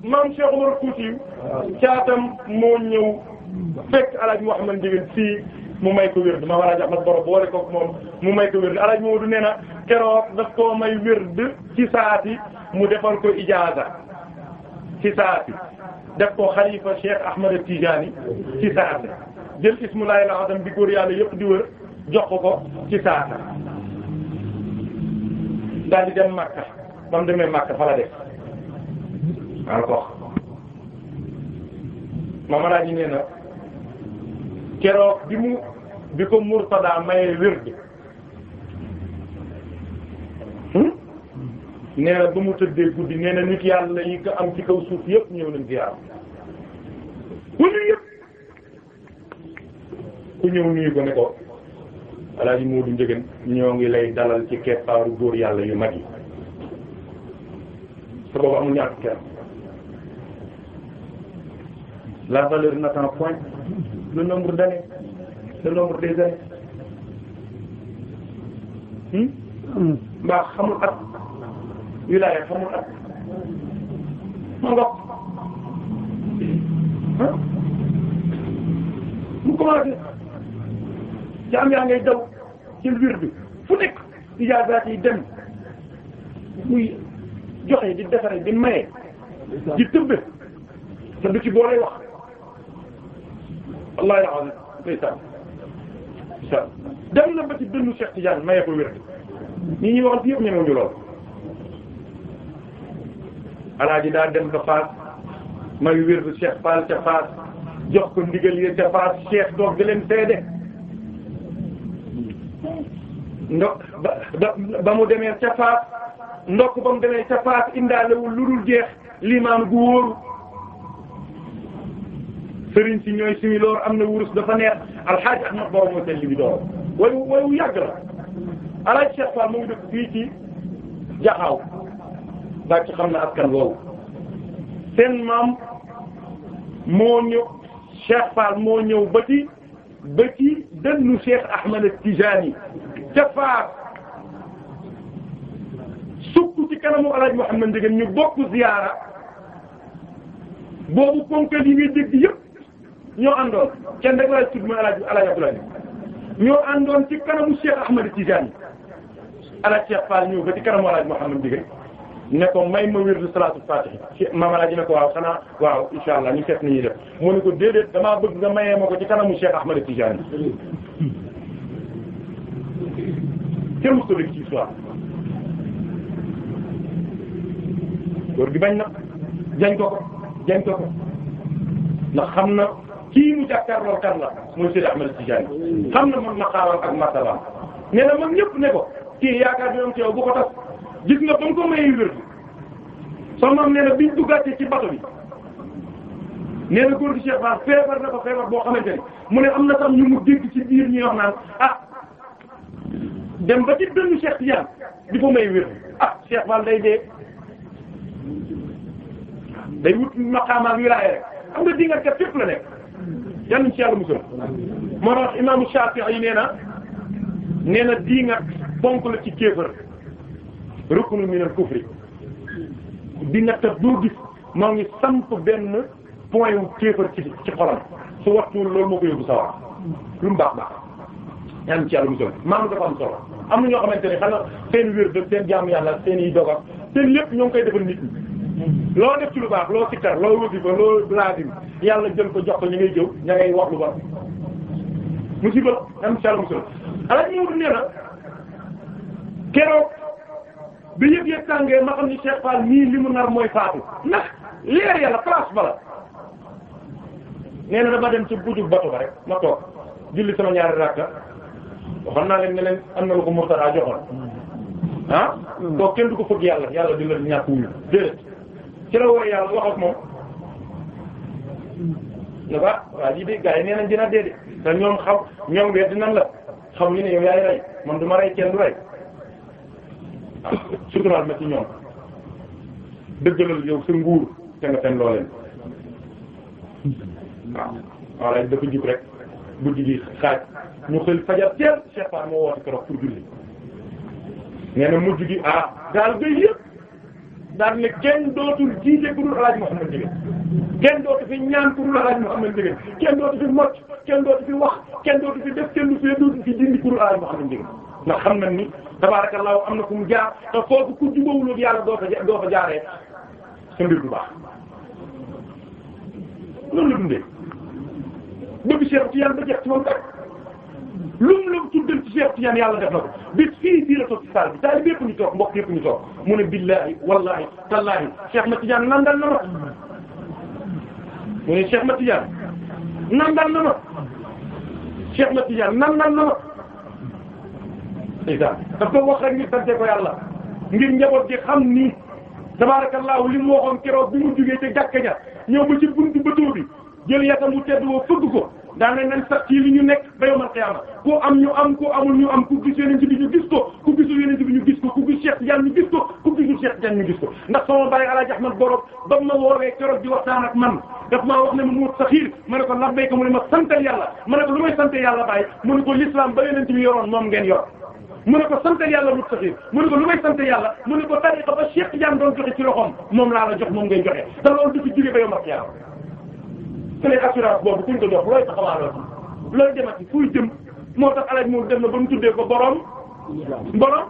maam Cheikh Omar Fouti caatam moo ñëw fekk El Hadj Mouhamad Ndieguène fii mu may ko wér maam El Hadj Ahmad Borom boole koog moom mu may ko wér El Hadj Maodo nee na daf koo may wér ci saati mu defal ko ijaaza ci saati def ko xalifa Cheikh Ahmed Tijani ci saati jël ismu laay la bi góor yàlla yëpp di wër jox ko ci saata daal di dem Makka ba mu Makka fa la def maa ko wax Maman bi mu bi ko Murtada mayee wér bi hmm? nee na ba mu tëddee guddi nee na nit yàlla yi ko am ci kaw suuf yëpp ñëw nañ ko ne ko. Alaaji Moodu Njëgën ñoo ngi lay dalal ci keppaaru góor yàlla yu mag yi sa boobu amul ñàkk kenn la valeur n'attend point le nombre d'années le nombre des années hmm? xamul at wilaaya xamul at ma ngox mu commencé jaam yaa ngay daw jël wir bi fu nekk ijaazaat dem muy joxe di defare di maye di tëbbe te du ci boole wax wallahi alazim ndeysaan ndeysaan dem na ba ci dënnu Cheikh Tidiane maye ko wér ñi ñuy yi fi ñemewuñu lool alaaji daa dem ka Fass may wér Cheikh Fall ca Fass jox ko ndigal yi ca Fass Cheikh toog di leen seede ndo ba ba mu demee ca ndokk ba mu demee ca faas indaalewul lu dul jeex limaan gu wóoru sëriñ si ñooy suñu loor am na wurus dafa neex alxaaj ahmad borom moo seen li bi door wayu wayu yàgg la alxaaj Cheikh Fall mu ngi dëkk fii jaxaaw baa ci xam na askan woowu seen maam moo ñëw Cheikh Fall moo ñëw ba ci ba ci dënnu Cheikh Ahmad Tijaani ca faar sukk ci kanamu El Hadj Mouhamed Ndieguene ñu bokk ziyaara boobu ponkal yi ngay dégg ñoo àndoon kenn rek laay tudd mooy El Hadj El ñoo àndoon ci kanamu Cheikh Ahmed Tidiane El Hadj Cheikh Fall ñëw ba ci kanamu El Hadj Mouhamed Ndieguene ne ko may ma wirdu salaatul faatihi ci maam El ne ko waaw xanaa waaw incha allah ñu seet ni ñuy def mu ne ko déedéet damaa bëgg nga mayee ma ko ci kanamu Cheikh Ahmed Tidiane. jëlu ko nekk ci islam góor gi bañ na jañ ko ko ndax xam na kii mu jàkkaarloo kan la mooy Seydi Ahmed Tidiane xam na man maqaamam ak martabaam nee na man ñëpp ne ko kii yaakaar bi am ci yow bu ko tas gis nga ba mu ko mayee wér soxna am nee na biñ duggaatee ci bato bi nee na góor gi Cheikh na ko feebar boo xamante ne mu ne am na sax ñu mu dégg ci biir ñuy wax ah, dem ba ci benn Cheikh Tidiane di ko may wér ah Cheikh Fall day dee day wut maqaama wilaaya rek xam nga dinga kat fépp la nekk yal nañu ci Yàlla musal moo tax imaamu Shafi'i nee na nee na bonk la ci kéefër ruknu min al kufri dinga kat boo gis moo ngi samp benn point wu ci ci su waxtuwul loolu moo ko yóbbu sawar lu mu baax baax yal nañu ci musal maam dafa am solo am na ñoo xamante ne xanaa seen wér dëgg seen jaamu yàlla seen i dogam seen lépp ñoo ngi koy defal nit ñi. loo def baax loo sikkar loo wasifa loo laasim yàlla jël ko jox ko ñu ngay jëw ña ngay wax lu baax. musiba am si àll musiba ala na keroog bi yëg yëg tàngee ma xam ni li mu nar mooy faatu ndax leer yàlla place bala nee na dama dem ci guddi bato ba rek ma toog julli sama ñaari rakka. waxoon naa leen ne leen am na lu ko Murtada ah. Hmm. kooku kenn du ko fëgg yàlla yàlla di la ñàkk wuñu déedéet ci la wooy yàlla wax ak moom. ne ba ah, waa ji de gars yi nee nañ dina ñoom xam ñoom weer dinañ la xam ñu ne yow yaay rey man ma rey kenn du rey ah, ma ci ñoom dëggalal yow sa nguur te nga fen loo leen waaw. waaw dafa jub rek guddi gi xaaj ñu xël fajar teel Cheikh moo woote keroog pour julli nee na mujj gi ah daal béy yëpp daal ne kenn dootul jiite ku dul El Hadj Mouhamed Ndieguène kenn dootu fi ñaan ku dul El Hadj Mouhamed Ndieguène kenn dootu fi mocc kenn dootu fi wax kenn dootu fi def kenn dootu fi jindi ku dul El Hadj Mouhamed Ndieguène ndax xam nañ ni tabarakallah am na ku mu jaar te foofu ku jubawul ak yàlla doo fa doo fa jaaree sa mbir bu baax loolu la dundee bëgg Cheikh ci yàlla ba jeex ci moom kat. lum lum tuddal ci Cheikh Tidiane yàlla def na ko bis fii fii la toog ci salle bi daal bépp ñu toog mbokk yëpp ñu toog mu ne billahi wallahi tallahi Cheikh ma Tidiane nandal na ma mu ne Cheikh ma Tidiane nandal na ma Cheikh ma Tidiane nandal na ma isa daf ko wax rek ngir sante ko yàlla ngir njaboot gi xam ni tabarakallahu li mu waxoon keroog bi mu jugee te jàkka ja ñëw ba ci buntu bëtoo bi jël yatam bu tedd woo fëgg ko daan leen leen sax ci li ñu nekk ba yawmal qiyaama ku am ñu am ku amul ñu am ku gis yonent bi ñu gis ko ku gisul yonent bi ñu gis ko ku gis Cheikh Diagne ñu gis ko ku gisul Cheikh Diagne ñu gis ko ndax sama baay Alaaji Ahmad Borom ba ma woowee keroog di waxtaan ak man daf maa wax ne ma muut ne ko labbayka mu ne ma santal yàlla ma ne ko lu may sant yàlla bàyyi mu ne ko l'islam ba yonent bi yoroon moom ngeen yor mu ne ko sant yàlla mut saxiir mu ko lu sant yàlla mu ne ko tariqa ba Cheikh Diagne doon joxe ci loxoom moom laa la jox moom ngay joxe te loolu du ba yawmal su ne assurance boobu kuñ ko jox looy taxawaaloo ci a demati fuy jëm moo tax alaj moom dem na ba mu tuddee ko borom borom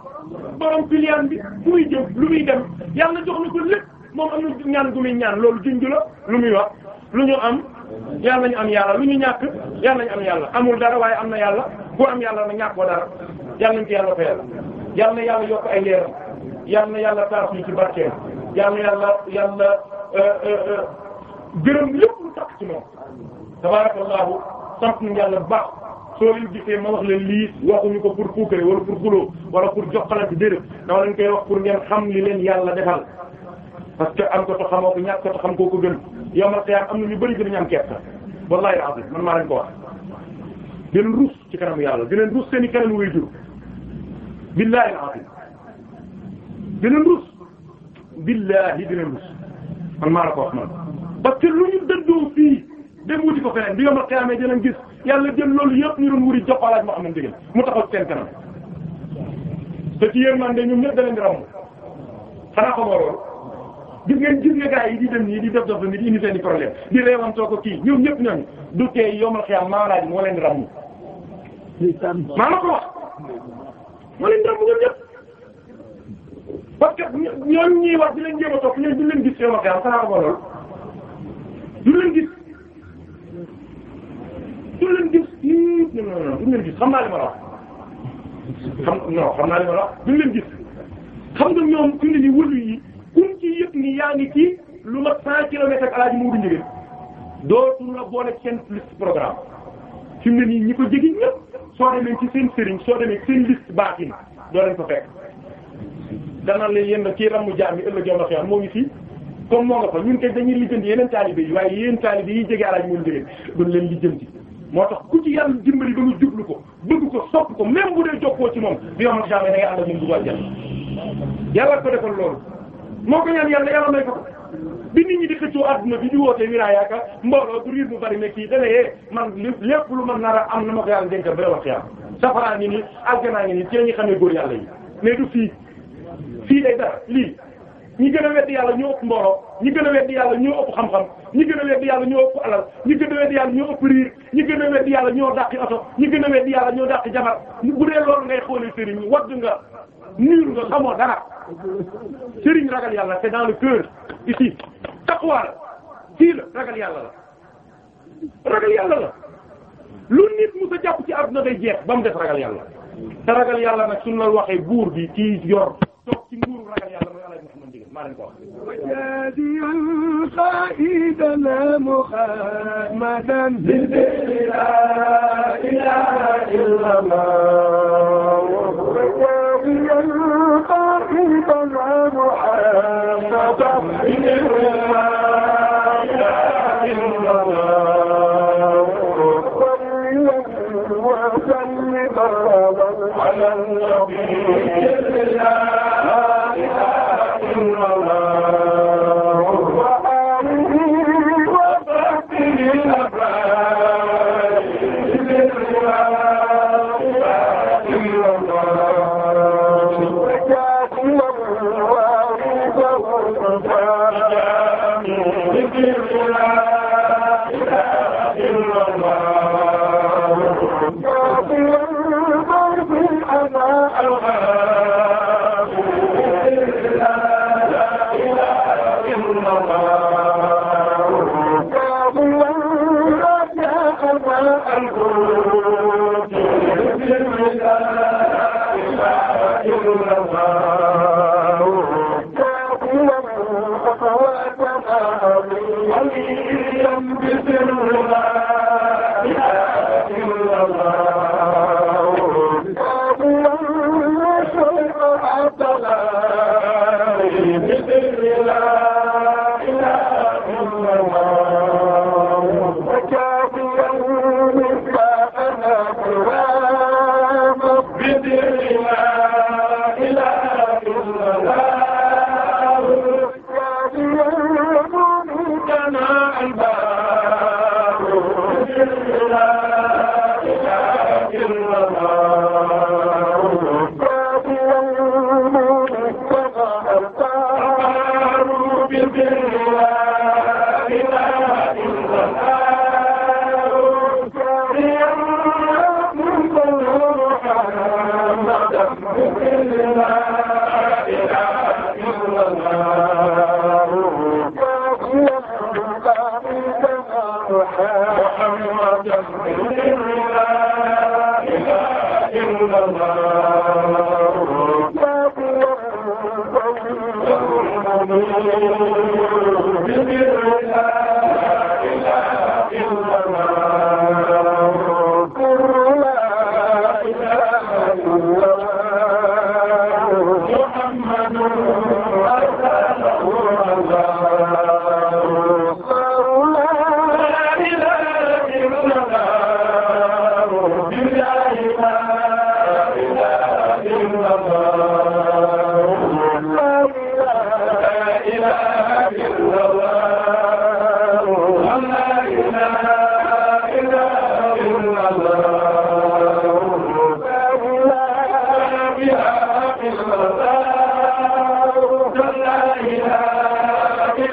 borom piliane bi fu jëm lu muy dem yàlla jox na ko lépp moom am na ñaan gu muy ñaan loolu junj la lu muy wax lu ñu am yàlla nañu am yàlla lu ñu ñàkk yàlla nañu am yàlla amul dara waaye am na yàlla boo am yàlla na ñàkkoo dara yàlla nañu ko yàlla na yàlla yokk ay leeram yàlla na yàlla taas yi ci barkeem yàlla na yàlla yàlla euh, euh, euh, gërëm lépp sax ci moom tabarakallahu sant nañu yàlla baax soo leen gisee ma wax leen lii waxuñu ko pour puukare wala pour xuloo wala pour jokkalante déedéet dama leen koy wax pour ngeen xam li leen yàlla defal parce que am ko to xamoo ko ñàkk to xam koo ko gën yow man xëy am na ñu bëri gën a ñu am kersa wallahi alazim man maa leen ko wax. di rus ci kanamu yàlla di leen rus seen i kanam way jur billahi alazim di leen rus billahi di leen rus man maa la ko wax man. parce que lu ñu dëddoo fii dem wuti ko feneen bi nga ma xamee dinañ gis yàlla jël loolu yëpp ñu doon wuri jox alaaj ma xam ne dëgg mu taxaw seen kanam te ci yërmande ñoom ñëpp da leen di ramm xanaa ko gis ngeen gis nga gars yi di dem nii di def dof la ni di indi seen i problème di reewantoo ko kii ñoom ñëpp ñooñu du tee yomal xiyam maalaaj moo di ramm maa la ko wax di ramm ñoom ñëpp parce que ñoom ñuy wax di leen jéem a topp ñoom di leen gis yomal xiyam xanaa ko loolu du leen gis du leen gis xam naa li ma la xam non xam naa li ma la du leen gis xam nga ñoom fi mu ne nii wëlu yi kuñ ci yëg ni yaa ngi ci lu mat 100 kilomètres ak alaaji Mourou Ndieguène dootuñu la boole seen liste programme fi ne nii ñi ko jege ñëpp soo demee ci seen sëriñ soo demee seen liste baatin doo leen ko fekk. dana la yenn kii ramu jaam yi ëllëg yow na xëy na moo ngi fii comme moo nga fa ñun kay dañuy lijjanti yeneen taalibe yi waaye yeneen taalibe yi jege alaaj moom jege duñ leen lijjanti moo tax ku ci yàlla dimbali ba mu jublu ko bëgg ko sopp ko même bu dee jokkoo ci moom bi yomal xaar da ngay ànd ak moom dugg àjjana yàlla ko defal loolu moo ko ñaan yàlla yàlla may ko bi nit ñi di xëccoo adduna bi di wootee wilaaya ka mbooloo bu riir bu bari ne kii dana yee man lépp lu man nar a na ma ko yàlla dénkal ba wax yàlla safaraa ngi nii aljanaa ngi nii ci la ñuy xamee góor yàlla yi ñi gën a weddi yàlla ñoo ëpp mbooloo ñi gën a weddi yàlla ñoo ëpp xam-xam ñi gën a weddi yàlla ñoo ëpp alal ñi gën a weddi yàlla ñoo ëpp riir ñi gën a weddi yàlla ñoo dàqi oto ñi gën a weddi yàlla ñoo dàqi jabar bu dee loolu ngay xoolee sëriñ wadd nga niir nga xamoo dara sëriñ ragal yàlla c'est dans le cœur ici taqwa la fii la ragal yàlla la ragal yàlla la lu nit mu sa jàpp ci àdduna day jeex ba mu def ragal yàlla te ragal yàlla nag suñu la waxee buur bi kii yor toog ci nguuru ragal yàlla mooy maa leen ko wax. wajaadiyan qaidana muhammadan bidiri la ilaha illa allah wajaadiyan qaidana muhammadan bidiri la ilaha illa allah وسلم على النبي يا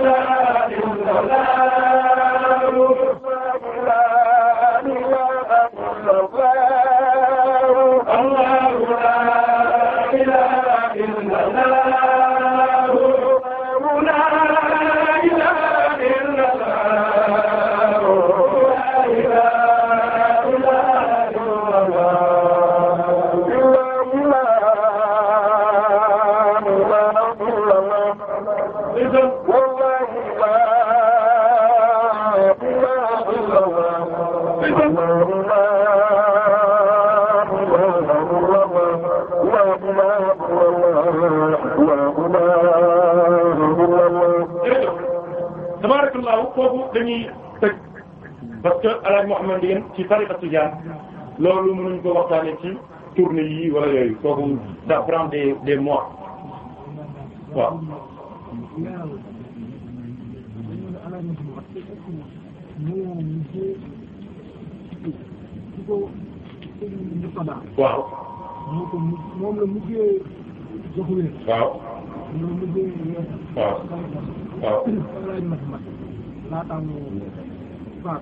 المولى المولى alal muhammadiyeen ci tariqa tijaan loolu mënuñ ko waxtaane ci tournée yi wala yooyu kooku ça prend des des mois waaw waaw moom waaw waaw waaw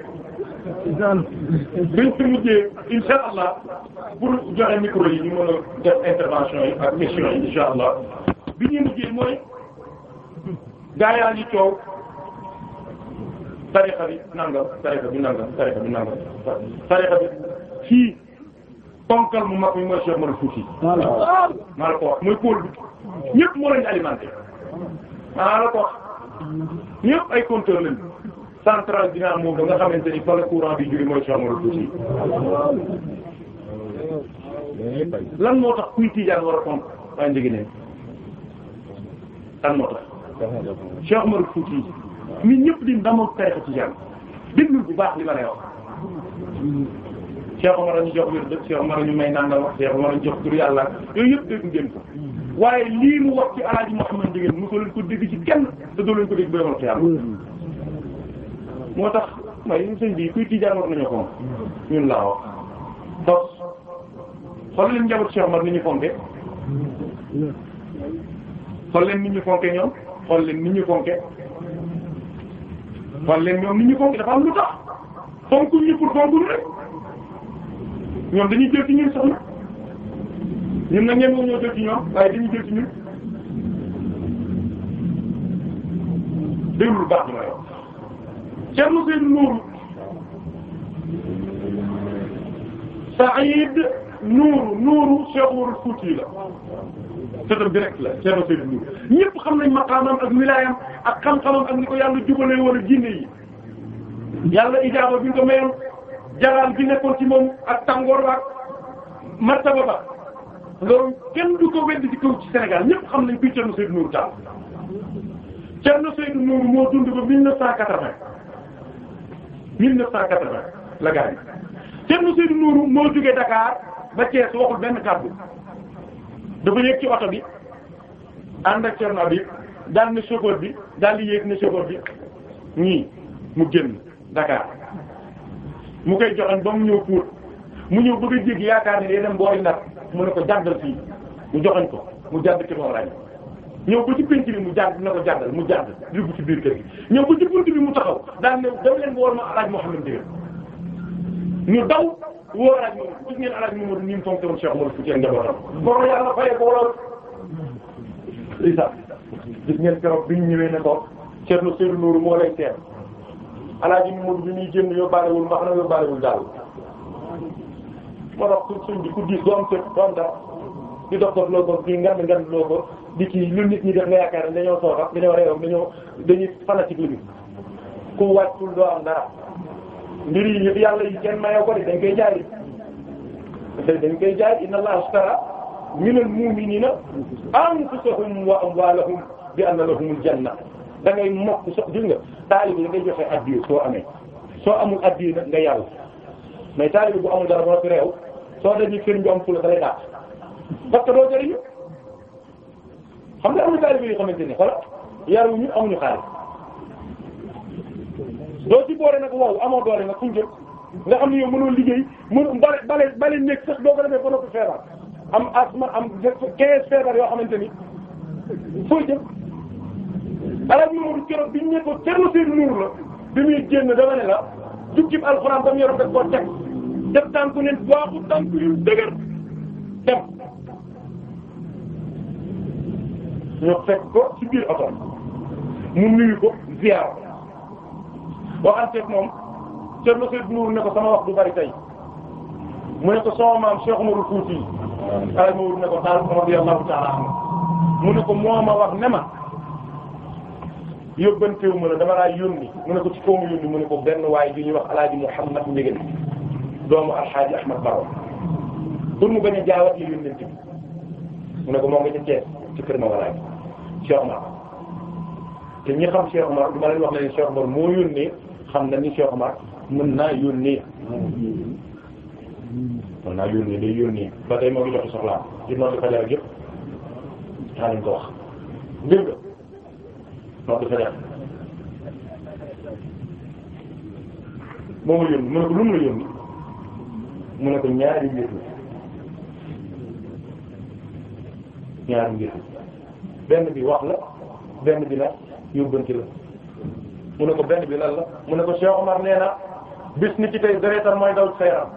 biñ ci mujjee incha allah pour joxe micro yi ñu mën a def intervention ak question yi incha allah bi ñuy mujjee mooy gaa yaa ngi coow tarixa bi nangam tarixa bi nangam tarixa bi bi fii ponkal mu mag mi mooy Cheikh Oumar Fouti. maa la mooy pôle bi ñëpp moo leen di alimenté maa la ko wax ay compteur lañu. cent trente dinaar moom da nga xamante ni fa la courant bi juri mooy chambre lan moo tax kuy tiijaan war a pomp waa lan moo tax Cheikh Omar mi ñëpp di ndamal tariqa tiijaan déglul bu baax li ma lay wax Cheikh Omar ñu jox wér dëkk Cheikh Omar ñu may nangam wax Cheikh Omar ñu jox tur yàlla yooyu yëpp dégg ngeen ko waaye lii mu wax ci alaaji Mouhamed Ndieguène mosoo leen ko dégg ci kenn te doo moo tax may sëñ bi kuy tijaan war nañoo fonk ñun laa wax tos xool leen njabootu Cheikh Omar ni ñu fonke xool leen ni ñu fonke ñoom xool leen ni ñu fonke xool leen ñoom ni ñu fonke dafa am lu tax fonkuñ ñu pour fonkuñ rek ñoom dañuy jël ci ñun soxna ñun nag ñenn ñoo jël ci ñoom waaye dañuy jël ci ñun déglu lu baax li ma wax Thierno Seydou Nourou Saïd Nourou Nourou Cheikh Oumar Fouti la c'est direct la Thierno Seydou Nourou ñëpp xam nañ maqaamam ak wilaayam ak xam-xamam ak ni ko yàlla jubalee woon ak jinne yi yàlla ijaaba bi ko mayoon jaraal bi nekkoon ci moom ak tàngoor ba ak martaba ba loolu kenn du ko wedd ci kaw ci Sénégal ñëpp xam nañ kuy Thierno Seydou Nourou daal Thierno Seydou Nourou moo dund ba 1980. mille neuf cent quatre-vingt la gaañ Thierno Seydou Nourou moo jógee Dakar ba Thiès waxul benn kàddu dafa yéeg ci oto bi ànd ak Thierno Habib daal na bi daal di yéeg na bi ñii mu génn Dakar mu koy joxoon ba mu ñëw Pout mu ñëw bëgg a jéggi yaakaar ne day dem boori Ndar mu ne ko jàddal fii mu joxañ ko mu jàdd ci Mawla ñëw ba ci penc bi mu jàng na ko jàngal mu jàng dugg ci biir kër gi ñëw ba ci bunt bi mu taxaw daan ne dem leen woor ma alaaj Muhammad Ndieguène ñu daw woo alaaj Muhammad gis ngeen alaaj Muhammad ni mu fonk woon Cheikh Oumar Foutiyou njabootam. borom yàlla fayee ko wala. Isa gis ngeen keroog bi ñu ñëwee ne ko Thierno Seydou Nourou moo lay teel alaaj Muhammad bi ñuy génn yóbbaalewul mbax daal. moo tax suñ bi ku diis du am sëb du di dox dox ko kii ngand ngand loo ko. di kii lu nit ñi def nga yaakaar ne dañoo soof ak dañoo réew dañoo dañuy lu bi ku wàccul doo am dara mbir yi ñëpp yàlla yi kenn mayoo ko de dañ koy jaay dañ koy jaay inna allaha ashtara minal mu'minina anfusahum wa amwalahum bi anna lahumul janna da ngay mokk so gis nga taalib bi da ngay joxe addiya soo amee soo amul addiya nag nga yàlla mais taalib bu amul dara ba fi réew soo dañuy firnde am fula da lay dàq parce que doo jëriñu xam ne am na taalibe yoo xamante ne xoolal yaru ñu amuñu xaalis doo ci boole nag waaw amoo doole na fu ñu jëm nga xam ne yow liggéey mënoo bale bale bale nekk sax doo ko defee ba noppi feebar am asma am 15 feebar yoo xamante ni foo jëm. alal ñu keroog bi ñu nekkoon ferme seen nuur la bi muy génn dama ne la jukkib ko ba mu yoroon daf koo teg def tànku ne baaxu tànku yu dëgër dem. ñu fekk ko ci biir oto mu nuyu ko ziar waxanteeg moom Thierno Seydou Nour ne ko sama wax du bari tey mu ne ko sama maam Cheikh Oumar Fouti ay ne ko daal radiyallahu ta'ala anhu mu ne ko moo wax ne ma yóbbanteewu ma la dama laa yónni mu ne ko ci kaw mu mu ne ko benn waay bi wax alaaji Mouhamad mu bañ a jaawat yi yónnante bi mu ne ko moo nga ca Thiès ci kër Mawalaay. Cheikh Omar te ñi xam Cheikh Omar dama leen wax ne Cheikh Omar moo yónnee xam na ni Cheikh Omar mën naa yónnee mën naa yónnee day yónnee ba tey moo ngi joxe soxlaa ci noor di fajar yëpp daa leen ko wax dégg nga noor di fajar moo ma yónni mu ne ko lu mu la yónni mu ne ko ñaari mbir ñaari mbir benn bi wax la benn bi la yóbbanti la mu ne ko benn bi lan la mu ne ko Cheikh Omar nee na bis ni ci tey deretam mooy daw sa yaram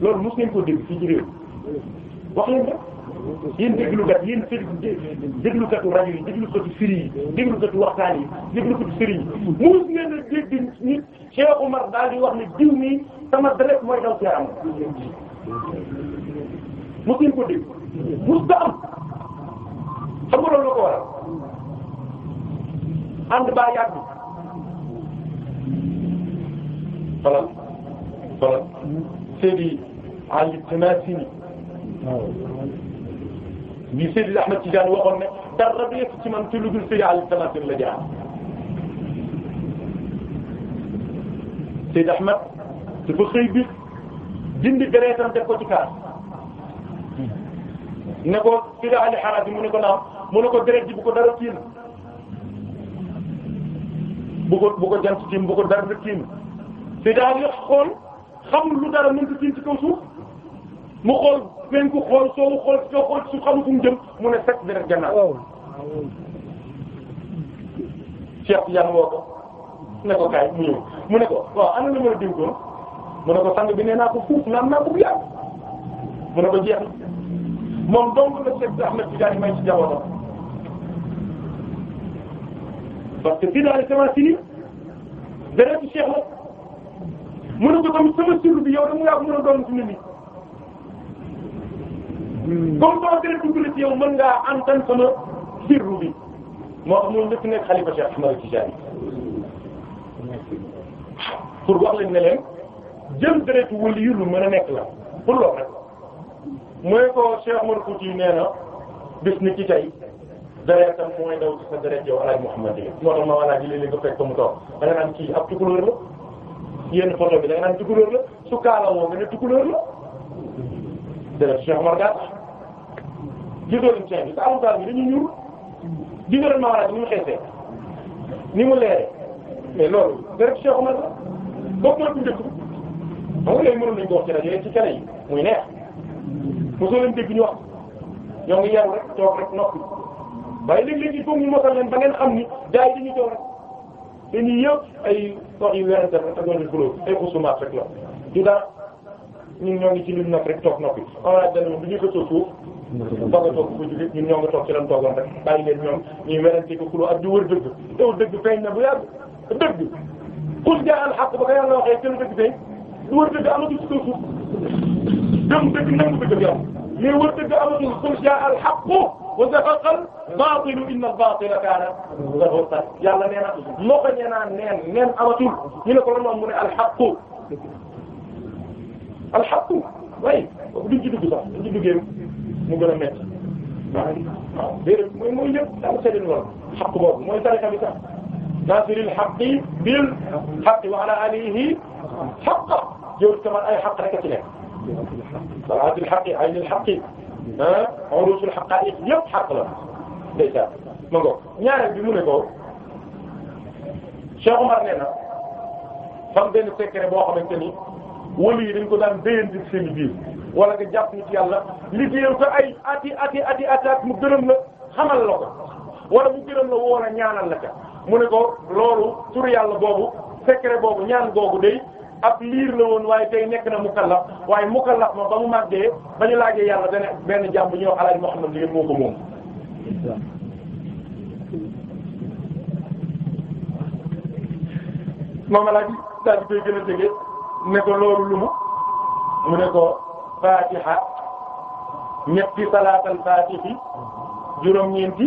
loolu mos ngeen ko dégg fii ci réew wax leen rek yéen déglukat yéen déglukatu rajo yi déglukatu firi yi déglukatu waxtaan yi déglukatu firi yi mos ngeen a dégg nit Cheikh Omar daal di wax ne diw nii sama deret mooy daw sa yaram mos ngeen ko dégg mos nga am xam nga loolu la ko waral ànd baa yàgg voilà voilà Seydi Ali Tanasini bi Seydi Ahmed Tidiane waxoon ne dara du yëpp ci man ci lu dul Seydi Ali Tanasini la jaar Seydi Ahmed dafa xëy bi dindi deretam def ko ci kaas ne ko fi nga Ali mu ne ko naam mu ne ko deret ji bu ko dara tiim bu ko bu ko jant tiim bu ko dara tiim te daal xool xamul lu dara mënut a tiim ci kaw suuf mu xool penku xool soowu xool ci kaw xool ci suuf xamul fu mu jëm mu ne fekk deret gannaaw. Cheikh Yan woo ne ko kaay mu ne ko waaw ana la ma la diw ko mu ne ko sang bi nee naa ko fuuf naan naa ko bu mu ne ko jeex. moom donc la Cheikh Ahmed Tidiane ma ci jamono parce que fii daal semence yi deretu Cheikh la mu ne ko tamit sama sirru bi yow da ngaa ko mën a doon ci nit ñi comme deret dugg la ci yow mën ngaa antan sama sirru bi moo tax mu nekk nekk xalifa Cheikh Ahmed Tidiane pour wax leen ne leen jël deretu wali yu lu mën a nekk la pour loolu rek. mu ne ko Cheikh Umar Fouti nee na bis ni ci tey deretam sa deret yow alaaj Muhammad yi moo tax ma walaaj yi léeg-léeg nga ko mu toog da nga naan kii ab tukulóor la yenn photo bi da nga naan tukulóor la su kaala woo nga ne tukulóor la deret Cheikh Umar gàtt gisoon seen bi sa alxuraan bi dañu ñuul gisoon ma walaaj ni mu xeesee ni mu leere mais loolu deret Cheikh Umar la bokk na bu njëkk xam nga léegi mënoon nañu ko wax ci rajo yi ci kene mosoo leen dégg ñu wax ñoo ngi yaru rek toog rek noppi waaye léeg-léeg il faut ñu mosal leen ba ngeen am ni gars yi dañuy toog rek dañuy yëpp ay sox yu weerante rek ak wàllu gulóob ay xusumaat rek la du dara ñun ñoo ngi ci li nag rek toog noppi xamalaa dana moom du ñu ko toog suuf doog a toog ko jóge ñun ñoo nga toog ci lan toogoon rek bàyyi leen ñoom ñuy werante ko xuloo ak di wër dëgg taw feeñ na bu yàgg dëgg xul jaa al xaq ba ko yàlla waxee kenn dëgg feeñ du wër dëgg gëm dëgg nangu dëgg yow mais war dëgg amatul qul jaa al haqqu wa zahaqa al baatilu inna al baatila kaana zahuuqa yàlla nee na moo ko nee naa neen neen amatul ñu ne ko la moom mu ne al haqqu al haqqu way duñ ci dugg sax duñ ci duggee mu gën a métti waaw déedéet mooy mooy lépp daal seetlu na lool xaq boobu mooy tariqa bi sax nasiril haqqi bil haqqi wa ala alihi haqqa yow tamit ay xaq rek a ci nekk saraatul xaqi aynul yëpp xaq la déjà ma ngoog ñaareel bi xamante ni wali yi dañ ko daan déyanti seen biir wala at mu gërëm la xamal la ko wala mu gërëm la woo la ñaanal la ca mu ne ko loolu tur yàlla boobu secret boobu ñaan googu day ab liir la woon waaye tey nekk na mukallaf waaye mukallaf moom ba mu màggee ba ñu laajee yàlla dana benn jàmm bu ñuy wax alaaj Muhammad Ndieguene moo ko moom. moom alaaj daal di koy gën a jege ne ko loolu lu mu mu ne ko Fatiha ñetti salaatal Fatihi juróom-ñeenti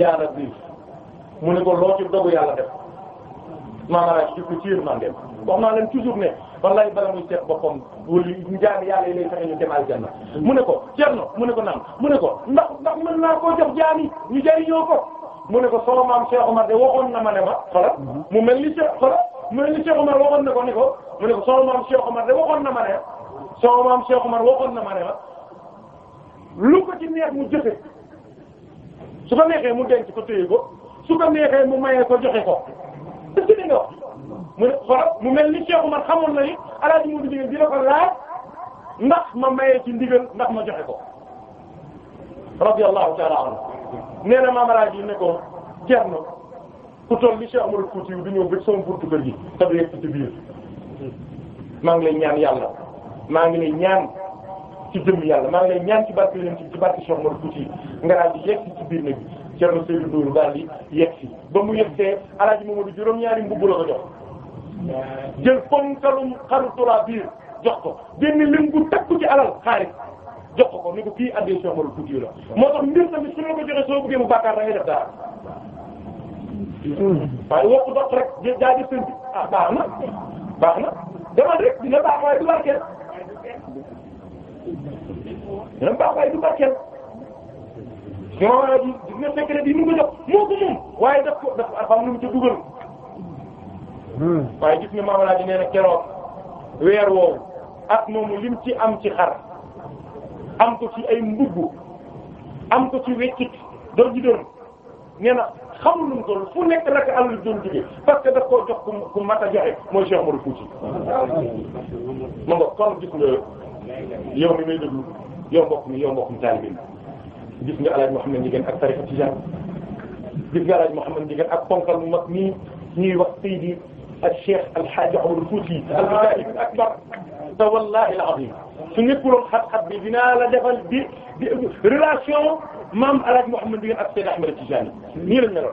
yaa Rabbi mu ne ko loo ci dogu yàlla def. maanaam laaj jublu ci yërmandeem wax naa leen toujours ne wallahi bala muy seet boppam wala njaam yàlla lay fexe ñu dem aljanna mu ne ko cerno mu ne ko naam mu ne ko ndax ndax mën naa koo jox jaam yi ñu jariñoo ko mu ne ko soo maam Cheikh Omar de waxoon na ma ne ma xala mu mel ni Cheikh xala mu mel ni Cheikh Omar waxoon na ko ne ko mu ne ko soo maam Cheikh Omar de waxoon na ma ne soo maam Cheikh Omar waxoon na ma ne ma lu ko ci neex mu jëfe su ko neexee mu denc ko téye ko su ko neexee mu mayee ko joxe ko li mu mel ni Cheikh Umar xamoon na ni alaaji mu ndigal dina ko laaj ndax ma maye ci ndigal ndax ma joxe ko radiyallahu ta'ala anhu nee na maam alaaji ne ko jar na ku toll ni Cheikh Umar Fouti du ñëw ba sama buntu kër gi te du yegg ci biir maa ngi lay ñaan yàlla maa ngi lay ñaan ci jëm yàlla maa ngi lay ñaan ci barke leen ci barke Cheikh Umar Fouti nga ci biir nag bi Thierno Seydou Ndour daal di yegg si ba mu yegg see El Hadj Mamadou juróom-ñaari mbubb la ko jox jël ponkalum xaru tura biir jox ko benn lim bu takku ci alal xaalis jox ko ko ni ko kii addi Cheikh Oumar Foutiyou la moo tax mbir tamit su la ko joxee soo bëggee mu bàkkaar da ngay def dara waaye woo ko dox rek jaajëf sëñ bi ah baax na baax na demal rek dina baax waaye du barkeel dina baax waaye du barkeel joa bi dina fekk ne bi mu ko jox moo ko moom waaye daf ko daf am lu mu ca dugal hmm. waaye gis nga mamalaa ji nee na keroog weer woowu ak moomu lim ci am ci xar am ko ci ay mbubb am ko ci weccit dor ji doon nee na xamul lu mu fu nekk la am alal doon jóge parce que daf koo jox ku ku mat a joxe mooy Cheikh Oumar Fouti ma nga kon gis nga yow mi may déglu yow mbokk mi yow mbokk mi taalibe gis nga alaaj Mouhamed Ndieguene ak tariqa tijaan gis nga alaaj Mouhamed Ndieguene ak ponkal mu mag nii ñuy wax Seydi ak Cheikh Alhaji Omar Fouti al-Mujaahid al-Akbar te wallaahi al-aziim su nekkuloon xat la defal di di relation maam alaaj Mouhamed Ndieguene ak Seydi Ahmed Tidiane nii lañ ma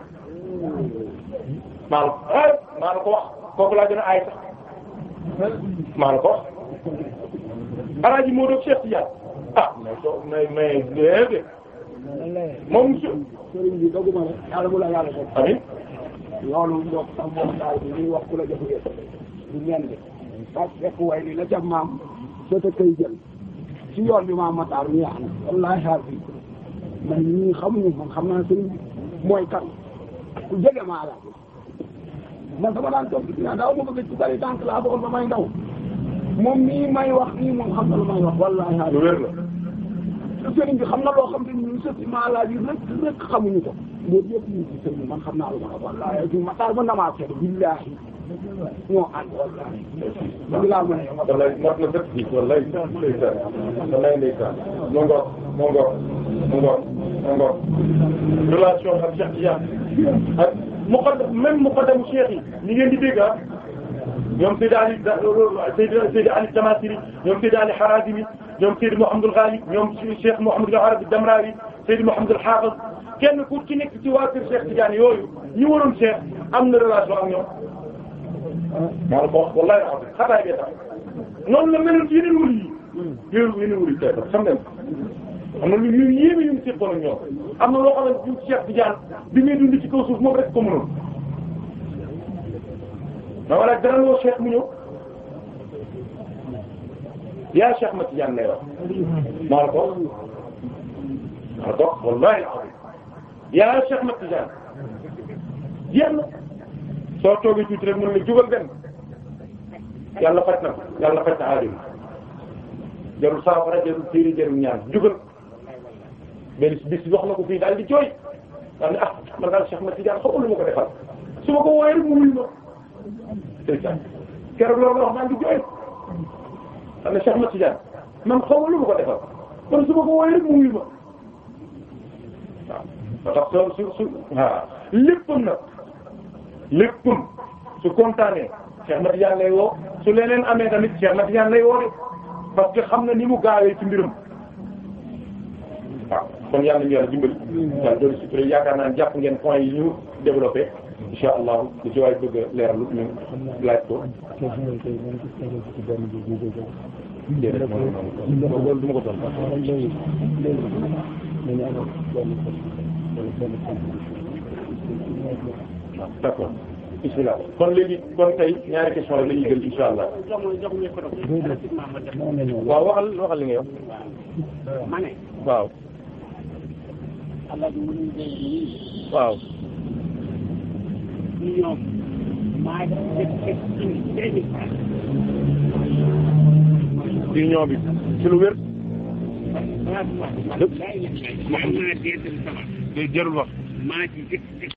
maa la ah, maa la ko wax kooku laa gën a aay sax ko moom su. sëriñ bi doguma la yàlla mu la yàlla def. amiin. loolu ndox sax moom daal bi wax kula la joxu yëpp du ñenn de parce que way li la ca maam soo ta koy jël bi maam Matar ñu na wallaahi xaar bi man ñii xamuñu xam naa sëriñ bi mooy kan ku jege maa la daan toog dinaa daaw ma bëgg ci bari tànk laa bëggoon ba may ndaw moom mii may wax nii moom xam na lu may wax wallaahi xaar sëriñ bi xam na loo xam te ñun sëriñ Maalaaj yi rek rek xamuñu ko loolu yëpp ñu xam na lu ma la wallaahi du ma taal ma namaa seet billaahi ñoo ànd wallaahi. wallaahi laa mën a na dëkk bi wallaahi ndeysaan wallaahi ndeysaan mu ngoog mu ngoog mu ngoog mu ngoog relation ak Cheikh Tidiane ak muqaddam même muqaddam Cheikh yi ñu ngeen di dégg ah. ñoom Seydi Ali Seydi Ali Tamasiri ñoom Seydi Ali ñoom Seydi Mouhamadul Ghali ñoom Cheikh Mouhamadul Arabi Damrawi Seydi Mouhamadul Hafiz kenn ku ci nekk ci waa kër Cheikh Tidiane yooyu ñu waroon Cheikh am na relation ak ñoom. maa la ko wax wallaahi alhamdulilah xataa bee tax noonu la mel ni yeneen wëli yi. yéen yeneen wëli tey am na lu yu yéeme yu mu seqoon ak ñoom am na loo xamante ni Cheikh Tidiane bi muy dund ci kaw suuf moom rek ko mënoon. ma wala dara loo mu ñëw. yaa Cheikh Mati Diagne lay maa la ko wax maa la ko wax yaa Cheikh Mati Diagne jeex na soo toogee tuuti rek mën na jubal benn yàlla na yàlla na aajo jarul saafara jarul tiiri jarul ñaan jubal bis wax na ko fii daal di jooy daal ah man daal Cheikh Mati Diagne xaw ma lu ma ko defal mu wuyu ma. c'est ça keroog loolu wax di jooy. xam ne Cheikh man xaw ma lu ma ko defal kon su ma ko woowee rek mu wuyu ma waaw. ba tax su su waaw léppam nag léppam su kontaanee Cheikh Ahmed Tidiane lay woo su leneen amee tamit Cheikh Ahmed Tidiane lay woo de parce que xam na ni mu gaawee ci mbirum waaw kon yàlla nañu yàlla dimbali. waaw loolu surtout yaakaar naa jàpp ngeen point yi ñu développé. incha allah ku ci waay bëgg a leerlu ñu laaj ko. déedéet moom moom loolu du ma ko doon. waaw d'accord bismillah kon léegi kon tey ñaari question la ñuy jël incha allah. waaw waxal waxal li nga wax. waaw. waaw. du ñoom ci lu wér. dëgg. maa ngi